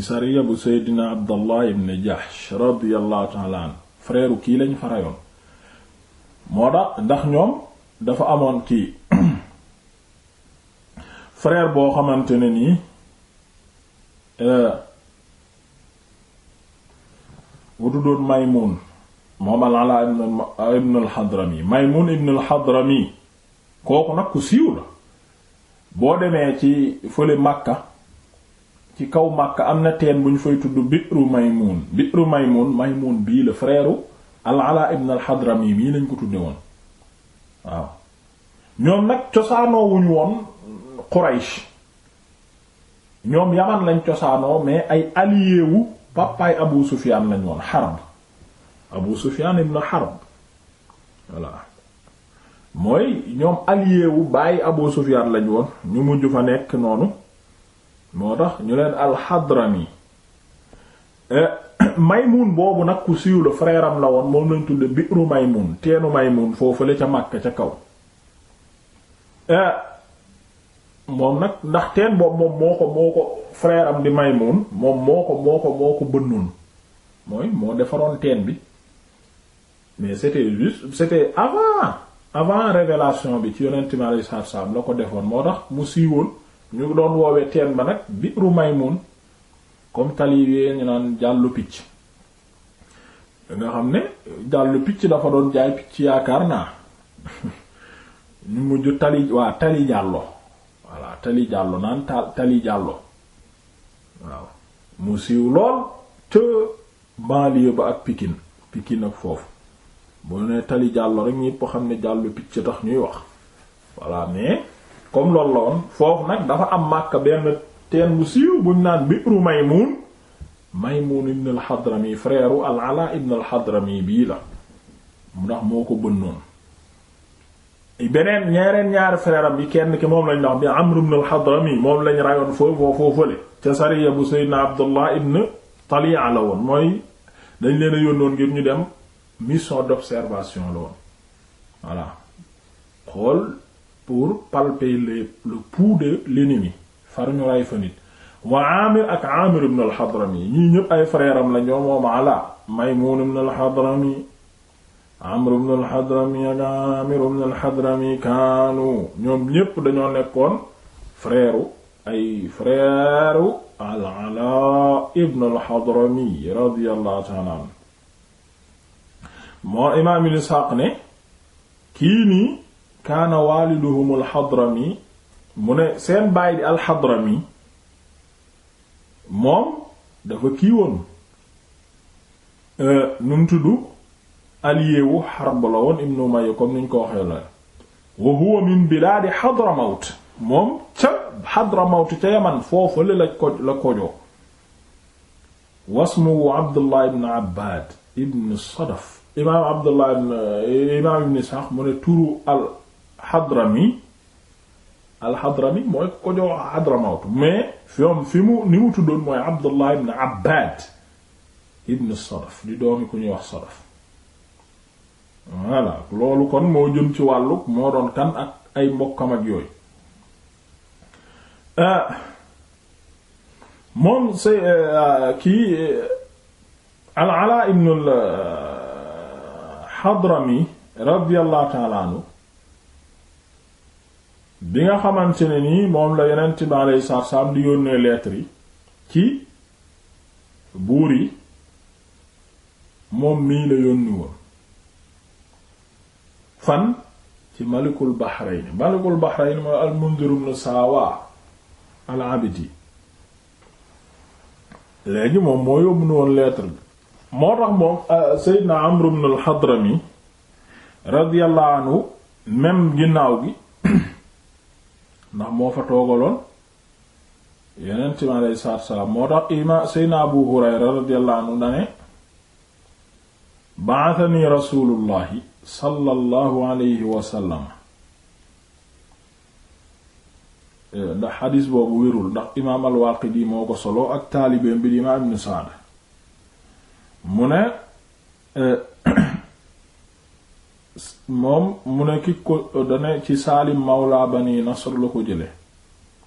Speaker 1: sariya bu seydina abdallah ibn jahsh radiallahu taala an frère kii lañ fa rayoon moo tax ndax ñoom dafa amoon kii frère boo xamante ne nii euh, bu tuddoon Maymun moom al Alaa ibn al-Hadrami Maymun ibn al-Hadrami kooku nag ku siiw la boo demee ci fële Makka ci kaw Makka am na teen bu ñu fay tudd Bi'ru Maymun Bi'ru Maymun Maymun bii la frère al Alaa ibn al-Hadrami bii lañ ko tudde woon waaw ñoom nag cosaanoo wuñu woon Quraysh ñoom Yaman lañ cosaanoo mais ay allié wu papaay Abu Sufyaan lañ woon Harb Abu Sufyan ibn Harb voilà mooy ñoom allié wu bàyyi Abu Sufyan lañ woon ñu mujj fa nekk noonu moo tax ñu leen al-Hadrami eh, Maymun boobu nag ku siiw la frère la woon moom lañ tudd Bi'ru Maymun teenu Maymun foofu la ca Makka ca kaw eh, moom nag ndax teen boobu moom moo ko moo ko frère di Maymun moom moo ko moo ko moo ko bënnoon mooy moo defaroon teen bi mais c'était juste c'était avant avant révélation bi ci yonent mi alayhi salaatu salaam la ko defoon moo tax mu siiwoon ñu doon woowee teen ba nag bi biiru Maymun comme taliwee ñu naan jàllu picc nga xam ne jàllu picc dafa doon jaay picc yaakaar naa ñu mujj tali waa tali jàllo voilà tali jàllo naan tali jàllo waaw mu siiw lool ca banlieue ba ak Pikine Pikine ak foofu bu ne tali jàllo rek ñëpp xam ne jàllu picc tax ñuy wax voilà mais comme loolu la foofu nag dafa am màkk benn teen bu siiw buñ naan bi'ru Maymuun Maymuun ibn al-Hadrami frère al-Ala ibn al-Hadrami bii la ndax moo ko bënnoon beneen ñeereen ñaari frère bi kenn ki moom lañ ndax bi Amr ibn al-Hadrami moom lañ rayoon foofu foofu fële ca sariya bu Seydina Abdullah ibn Tali'a la woon mooy dañ leen a yónnoon ngir ñu dem mission d'observation loolu voilà xool pour palper le le pouls far ñu rey fa wa amir ak amir ibn al-Hadrami ñii ñëpp ay frère la ñoom moom Maymun ibn al-Hadrami Amr ibn al-Hadrami ak Amir ibn al-Hadrami kaanu ñoom ñëpp dañoo nekkoon frère ay frère al-Ala ibn al-Hadrami radiyallahu ta'ala moo imaam ibn Isxaaq ne kii nii kaana waaliduhum alxadrami mu ne seen baay di alxadrami moom dafa kii woon euh, nu mu tudd aliyewu Harb la ibnu Umayya comme niñ ko waxee la wa huwa min bilaadi Hadramawt moom ca Hadramawt ca foofu la ko la kojoo wasmuhu Abdullah ibn Abbad ibn Sadaf imaam abdullah ibn eh, imaam ibn Ishaq mu ne turu al Hadrami al Hadrami mooy ko jox Hadramawt mais fiom fi mu ni mu tuddoon mooy abdullah ibn Abbad ibn Sadaf di doomi ku ñuy wax Sadaf voilà loolu kon moo jëm ci wàllu moo doon kan ay mbokkam ak yooyu ah, moom c'est euh, kii al euh, Ala ibn al euh, Hadrami radiyallahu ta'ala anhu bi nga xamante ne nii moom la yonent bi alayhi salaatu salaam di yónnee lettre yi ci buur yi moom mii la yónni woon fan ci malikul bahrayn malikul bahrayn mooy al Munzir ibn Sawa al Abidi léegi moom moo yóbbu woon lettre bi moo tax moom euh, Seydina Amr ibn al-Hadrami radiyallahu anhu même ginnaaw gi ndax moo fa toogaloon yeneen Abu Hurayra radiyallahu anhu dane ba'athani rasulullahi sallallahu alayhi wa sallam ndax boobu wérul ndax imaam al moo ko solo bi di imaam Ibn mu ne euh, moom mu ne ki ko euh, dane ci saalim mawla bani nasr la ko jële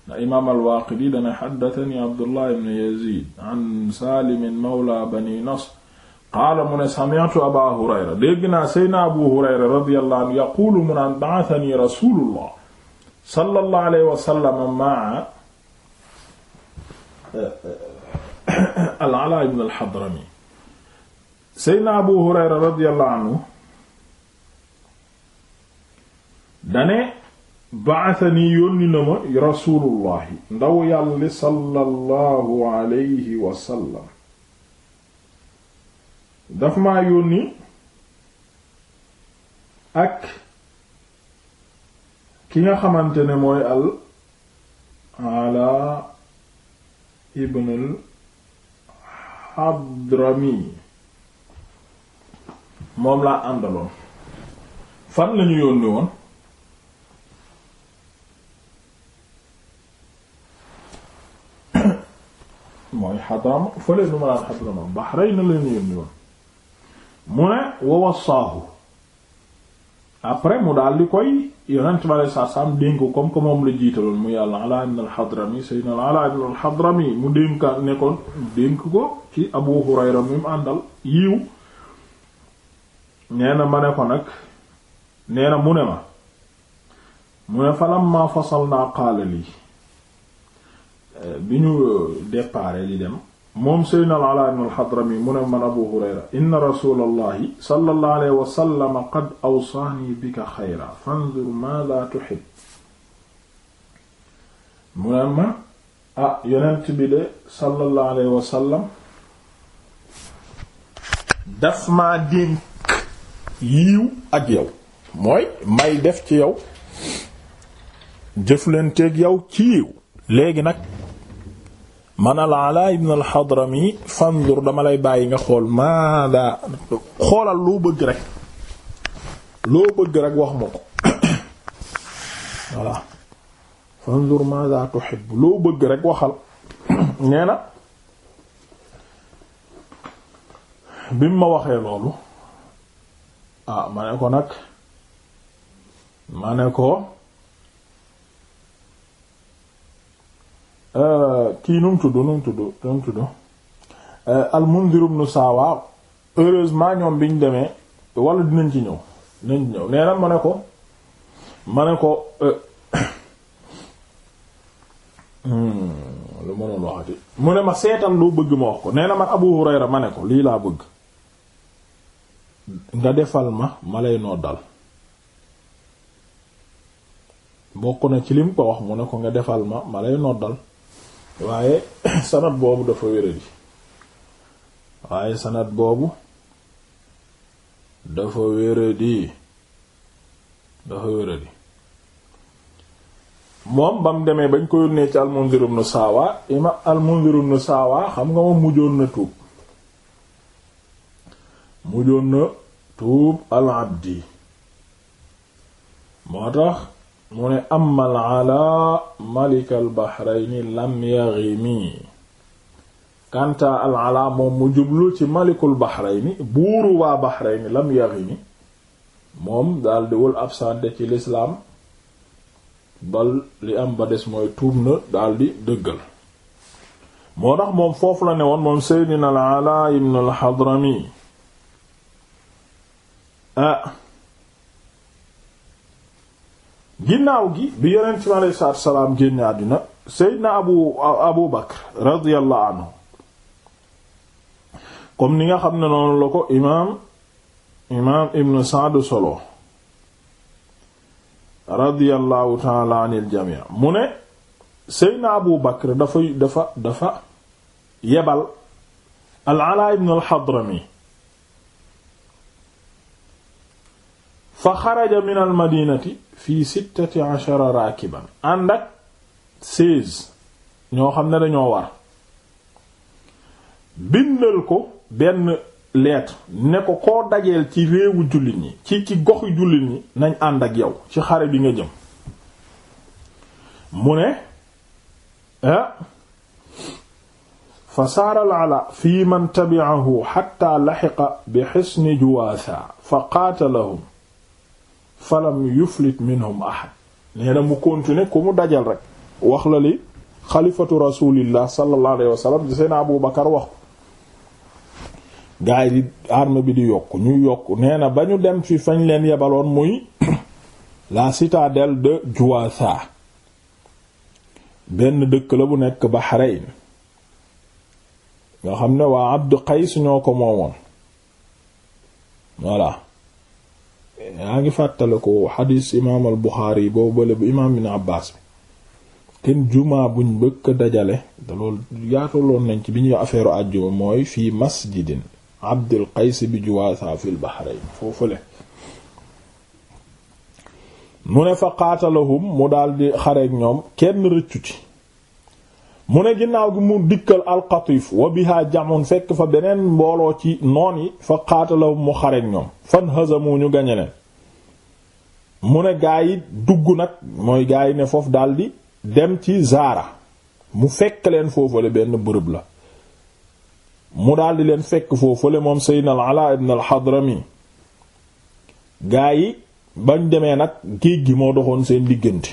Speaker 1: na imaam al-Waaqidi dane xaddatani abdullah ibn yazid an saalimin mawla bani nasr qaala mu ne sami'tu aba hurayra dégg naa seydna abu hurayra radiyallahu anhu yaquulu mu naan ba'athani rasulullah sallallahu alayhi wa sallam ma'a euh, al-Alaa ibn al-Hadrami seydna abu hurayra radiyallahu anhu dane ba'athani yónni na ma rasulullahi ndaw yàlla sallallahu alayhi wa sallam daf maa yónni ak ki nga xamante ne mooy al ala ibnul hadrami moom laa àndaloon fan lañu yónni woon mooy xadrama fële nu ma naan xadrama Bahrayn lañu yónni woon mu ne wa après mu daal di koy yonent bi alei satu salaam dénk comme que moom la jiitaloon muy àl ala ibn alxadrami sayyidina ala ibn alxadrami mu dénka nekkoon dénk ko ci Abu Hurayra mi mu àndal yiiw nee na ma ko nag nee na mu ne ma mu ne fasalna qaala lii bi ñu déparé di dem moom si al-Alaa ibn al-Hadrami man Abu Hurayra inna rasulallahi sallallahu alayhi qad awsaani bika xayra fanzur maadha tuhib mu ne ma ah yonent bi de sallallahu alayhi wa sallam daf ma yiiw ak yow mooy may def ci yow jëflanteeg yow ci yiiw léegi nag man al Alaa ibn al Hadrami fanzur dama lay bàyyi nga xool maada xoolal loo bëgg rek loo bëgg rek wax ma ko voilà fanzur maada tuhib loo bëgg rek waxal nee na bi ma waxee loolu ah ma ne ko nag ma ne ko euh, kii nu mu tudd nu mu tudd nu mu tudd euh, al Mundir ibn Sawa heureusement ñoom biñ demee wala dinañ ci ñëw dinañ ci ñëw nee ma ne ko ma ne ko euh, hmm, lu ma doon waxati mu ne ma seetal loo bëgg ma wax ko nee na Abu Hurayra ma ne ko lii laa bëgg nga defal ma ma lay noddal bokk na ci lim ko wax mu ne ko nga defal ma ma lay noddal waaye sanad boobu dafa wéradi waaye sanad boobu dafa wéradi dafa wéradi moom ba demee bañ ko yónnee ci al-Munzir ibn Sawa ima al-Munzir ibn Sawa xam nga ma mujjoon na tuub mujjoon na tuub al abdi moo tax mu ne amal alaa malikal bahrayni lam yaghimi kanta al alaa moom mu jublu ci malikul bahrayni buuru waa bahrayni lam yaghimi moom daldi wul absente ci lislaam bal li am ba des mooy tuub na daldi dëggal moo tax moom foofu la ne woon moom seydina al alaa ibn al hadrami Ah. ginnaaw gi bi yonent mi aleyhi salaatu nga xam ne noonu ko imaam imaam solo radiyallahu taala anil jamii mu ne seydna abu bakr dafa dafa dafa yebal al alaa ibn al hadrami fa xaraja min al madinati fii sittati ashara raakiban ànd ak seize ñoo xam ne dañoo war bindal ko benn lettre ne ko koo dajeel ci réewu jullit ñi ci ci goxi jullit ñi nañ ànd ak yow ci xare bi nga jëm mu ne ah, fa saaral ala fi man tabi'ahu xatta laxiqa bi xisni juwaasa fa qaatalahum falam yuflit minhum ahad nee na mu continuer ku mu dajal rek wax la li xalifatu rasulillah sallallahu alayhi wa sallam di seyna Abu Bakar wax ko gaay di arme bi di yokk ñuy yokk nee na ba ñu dem fi fañ leen yebaloon muy la citadelle de Juwasa benn dëkk la bu nekk Bahrain nga xam ne waa Abdu Qays ñoo ko moomoon voilà yaa ngi fàttale ko xadiis imaam al Buxaari boobu bële bu imaam ibn Abbaas bi kenn jumaa buñ bëkk dajale da loolu yaataloon nañ ci bi ñuy affaire àjjuma mooy fii masjidin Abdul Qays bi Juwaasa fil Bahrayn foofule mu ne fa qaatalahum mu daldi xareek ñoom kenn rëccu ci mu ne ginnaaw gi mu dikkal alxatif wa biha jamun fekk fa beneen mbooloo ci noon yi fa xaatalahum mu xareek ñoom fan hazamu ñu gañe leen mu ne gaa yi dugg nag mooy gaa yi ne foofu daldi dem ci zaara mu fekk leen foofale benn bërëb la mu daldi leen fekk foofale moom seydna al ala ibn al hadrami yi bañ demee nag géej gi moo doxoon seen diggante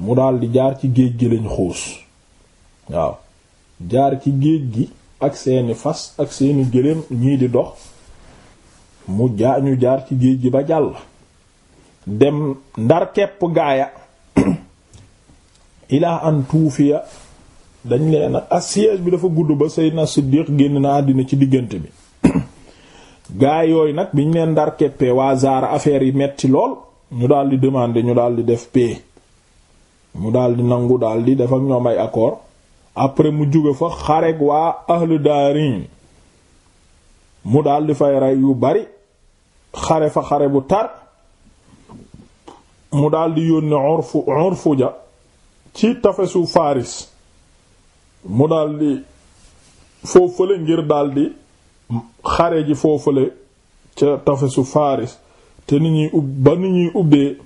Speaker 1: mu daldi jaar ci géej gi lañ xuus waaw jaar ci géej gi ak seeni fas ak seeni gëléem ñii di dox mu jaar ñu jaar ci géej gi ba jàll dem ndar kepp gaaya ilaa an tuufiya dañ leen ak siège bi dafa gudd ba Seydina Siddiq génn na àddina ci diggante bi gaay yooyu nag biñ leen ndar waa zaara affaire yi metti lool ñu daal di demander ñu daal di def paix mu daldi nangu daal di def ak ñoom ay accord après mu jóge fa xarek waa ahlu daarin mu daldi di fay rey yu bari xare fa xare bu tar mu daldi di yónni urfu urfuja ci tafesu faris mu daldi di ngir daldi xare ji foofale ca tafesu faris te ni ñuy ub ba ni ñuy ubbee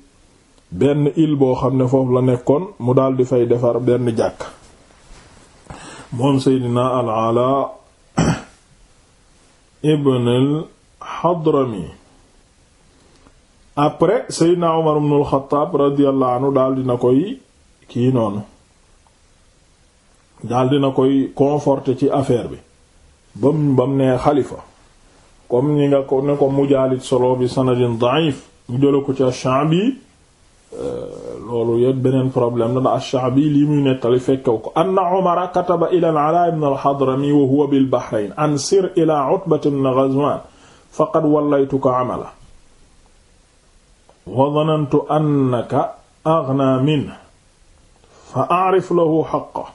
Speaker 1: benn île boo xam ne foofu la nekkoon mu daal di fay defar benn jàkk moom seydina al alaa ibn al hadrami après seydina umar ibn al xattaab radiyallahu anhu koy kii noonu daldi na koy conforter ci affaire bi ba bam nee xalifa comme ñi nga ko ne ko mujaalit solo bi sanadin da'if mu jëla ko ci Sha'bi euh, loolu yéen beneen problème la ash-Sha'bi lii muy nettali fekkew ko anna Umara kataba ila al-Alaa ibn al-Hadrami wa huwa bil Bahrayn an sir ila Utbata ibn Ghazwan faqad wallaytuka amala wa dhanantu annaka aghnaa minhu fa a'rif lahu haqqahu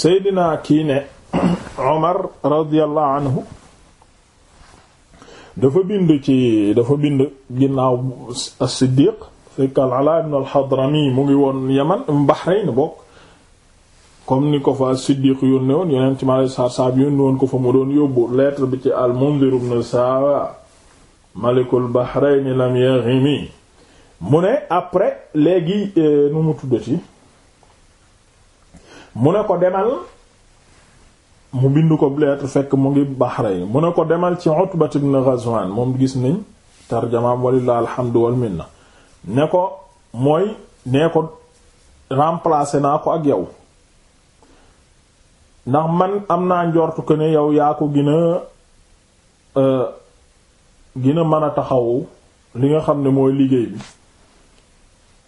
Speaker 1: Seydina kii ne Umar radiyallahu anhu dafa bind ci dafa bind ginnaaw as-Siddiq al mu ngi woon Yaman Bahrayn bokk comme ni ko fa Siddiq yónne woon yeneen ci malay sar saab yónne woon ko fa mu doon yóbbu lettre bi ci al-Mundhir ibn Sawa malikul Bahrayn lam yaghimi mu ne après léegi euh, nu mu tuddati mu ne ko demal mu bind ko lettre fekk mu ngi Bahrayn mu ne ko demal ci Utbat ibn Ghazwan moom gis nañ tarjamaam walillahi alhamdu wal minna ne ko mooy nee ko remplacer naa ko ak yow ndax man am naa njortu ko ne yow yaa ko gën a euh, a mën a taxawu li nga xam ne mooy liggéey bi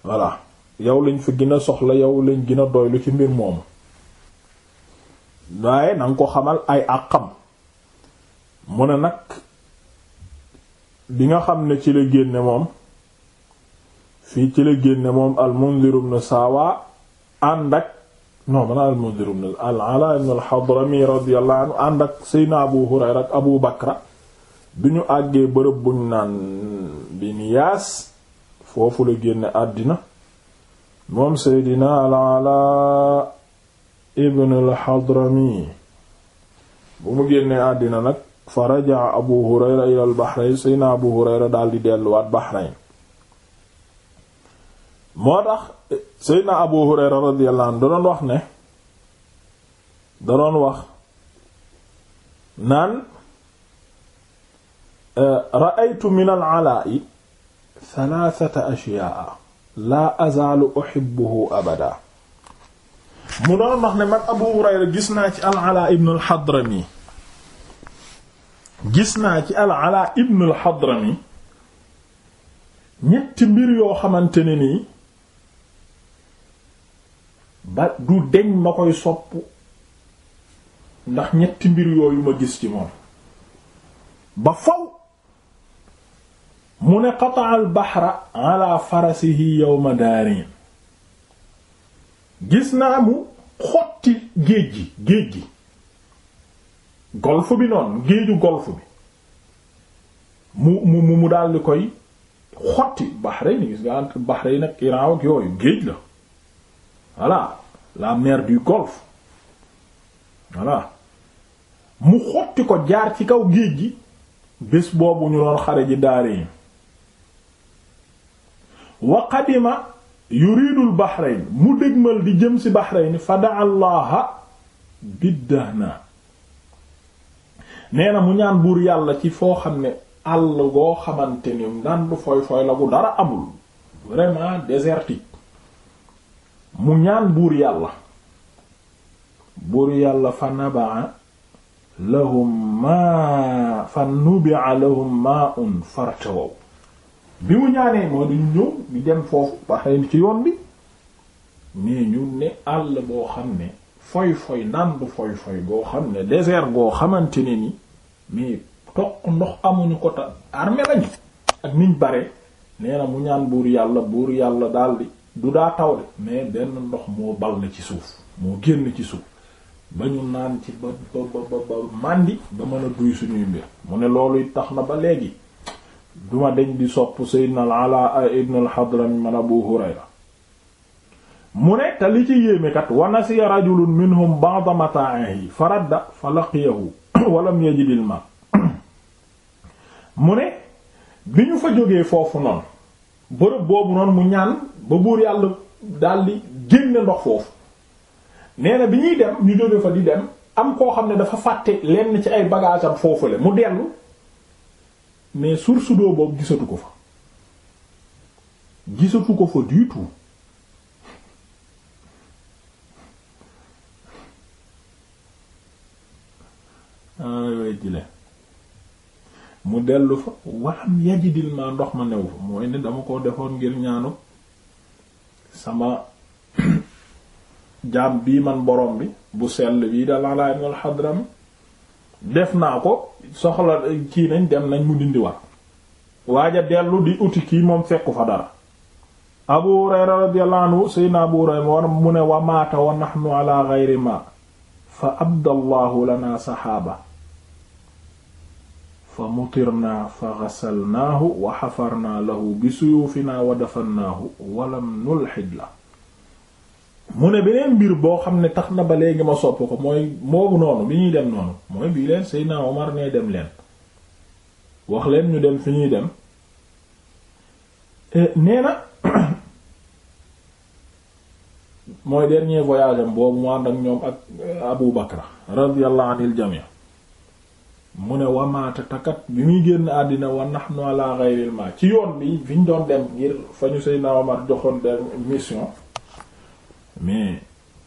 Speaker 1: voilà yow lañ fi gën soxla yow lañ gën a doylu ci mbir moomu waaye na nga ko xamal ay àqam mu ne nag bi nga xam ne ci la génne moom fii ci la génne moom al-Mundhir ibn Sawa ànd ak non man al-Mundhir ibn al-Ala ibn al-Hadrami radiyallahu anhu ànd ak Abu Hurayra ak Abu Bakra bi ñu àggee bërëb buñ naan Biniyaas foofu la génne àddina moom Seydina al-Ala ibn al-Hadrami bu mu génnee àddina nag fa rajaa Abu Hurayra ila al-Bahrayn Abu Hurayra daal di delluwaat Bahrayn moo tax Seydina Abu Hurayra radiyallahu wax ne da doon wax naan eh, ra'aytu min al-alaa'i thalathata ashyaa laa azaalu uhibbuhu Abu Hurayra gis naa ci al-Alaa ibn al-Hadrami gis naa ci al-Alaa ibn mbir yoo xamante ne nii ba du deñ ma koy sopp ndax ñetti mbir yooyu ma gis ci moom ba faw mu ne qataa al baxra ala farasihi yawma daarin gis naa mu xotti géej gi géej gi golf bi noonu géeju golf bi mu mu mu daal koy xotti Bahrain gis nga entre Bahrain nag Iran ak yooyu géej la voilà la mer du voilà mu xotti ko jaar ci kaw géej gi bés boobu ñu doon xare ji daare yi wa qadima yuridul bahrain mu dégmal di jëm ci bahrain fa daa allaha biddahna nee na mu ñaan buur yàlla ci foo xam ne àll goo xamante ni naan du foy foy la gu dara amul vraiment désertique mu ñaan buur yàlla buur yàlla fa nabaa lahum ma fa nubia lahum ma un fartawaw bi mu ñaanee moo dañu ñëw di dem foofu baxeen ci yoon bi mais ñu ne àll boo xam ne foy foy naan foy foy goo xam ne désert goo xamante ne ni mais toq ndox amuñu ko ta armée lañu ak niñ bare nee na mu ñaan buur yàlla buur yàlla daldi du daa taw mais benn ndox moo bal na ci suuf moo génn ci suuf ba ñu naan ci ba ba ba ba màndi ba mën duy suñuy mbir mu ne loolu tax na ba léegi duma deñ di sopp Seydina al-Ala ibn al-Hadrami man Abu Hurayra mu ne te li ci yéeme kat wa nasiya rajulun minhum ba'da mata'ihi faradda fa laqiyahu wa lam yajid al-ma mu ne bi ñu fa jógee foofu noonu bërëb boobu noonu mu ñaan ba buur yàlla daldi génne ndox foofu nee bi ñuy dem ñu jóge fa di dem am koo xam ne dafa fàtte lenn ci ay bagage foofu la mu dellu mais source d'eau boobu gisatu ko fa gisatu ko fa du tout ah mu dellu fa walam yajidil ma ndox ma new fa mooy ne dama ko defoon ngir ñaanu sama jaam bii man borom bi bu sell bii da laalaa ibn al def naa ko soxla kii nañ dem nañ mu dindi war waaja dellu di uti kii moom fekku fa dara Abu Hurayra radiyallahu anhu sayna Abu Hurayra war mu ne wa maata wa nahnu ala ghayri ma fa abdallahu lana saxaaba fa mutirnaa fa xasalnaahu wa xafarnaa lahu bi suyuufinaa wa dafannaahu walam nulxid la mu ne beneen mbir boo xam ne tax na ba léegi ma sopp ko mooy moobu noonu bi ñuy dem noonu mooy bii leen Seydina Omar nee dem leen wax leen ñu dem fi ñuy dem eh, nee mooy dernier voyage am boobu mu ànd ak ñoom ak Abu Bakra radiyallahu anil jami' mu ne wamaata takkat bi muy génn àddina wa nahnu ala ghayril ma ci yoon bi fi ñu doon dem ngir fa ñu Seydina Omar joxoon dem mission mais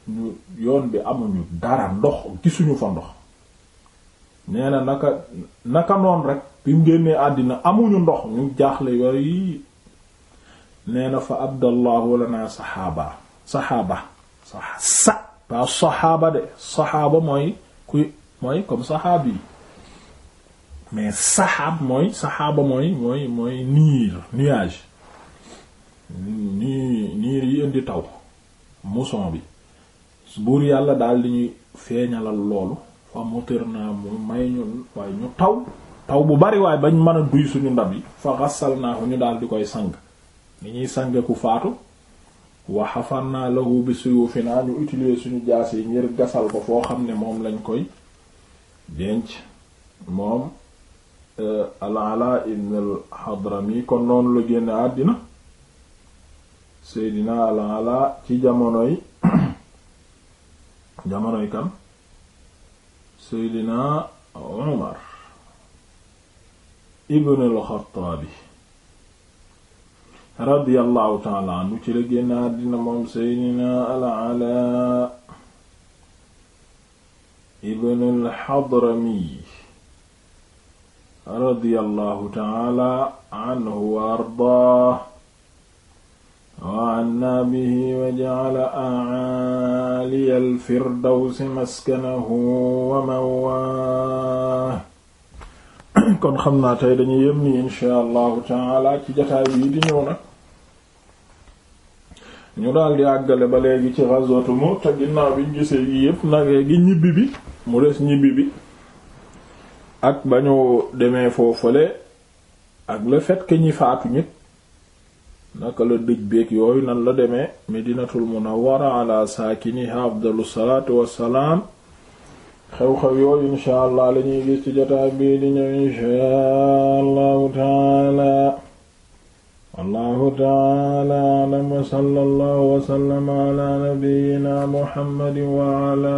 Speaker 1: ñu yoon bi amuñu dara ndox gisuñu fa ndox nee na naka naka noon rek bi génnee àddina amuñu ndox ñu jaaxle yooyu nee na fa abdallahu lana naa saxaaba sa sa pas saxaaba de saxaaba mooy kuy mooy comme saxaabi yi mais saxaab mooy saxaaba mooy mooy mooy niir nuage nii niir yi indi taw muson bi buur yàlla daal di ñuy feeñalal loolu fa mutir naa mu may ñun waaye ñu taw taw bu bari waaye bañ mën a duy suñu ndab yi fa xasal naa ko ñu daal di koy sang ni ñuy sange ku faatu waxafan naa lahu bi suyu fi naa ñu utiliser suñu jaas yi ngir gasal ko foo xam ne moom lañ koy denc moom Euh, al-Alaa ibn al-Hadrami kon noonu la génne àddina Seydina al-Alaa ci jamonoy jamonoy kan Seydina Umar ibn al-Xattaabi radiyallahu taala anhu ci la génn àddina moom Seydina al-Alaa ibn al-Hadrami radiyallahu taala anhu wa ardaah wa anna bihi wa ja'ala kon xam naa tey dañuy yem ni insha allahu taala ci jataay bii di ñëw nag ñu daal di àggale ba léegi ci ghazwatu Mu'ta ginnaaw biñ gisee yi yépp nag ñibbi bi mu des ñibbi bi ak ba ñu demee foofale ak le fait que ñi faatu ñit naka la dëj beeg yooyu nan la demee medinatul munawwara ala saakiniha afdalu salaatu wassalaam xew-xew yooyu insha allah la gis ci jotaay bii di ñëw insha allahu taala allahu taala alam wa sallallahu wa sallama ala nabiyyina muhammadin wa ala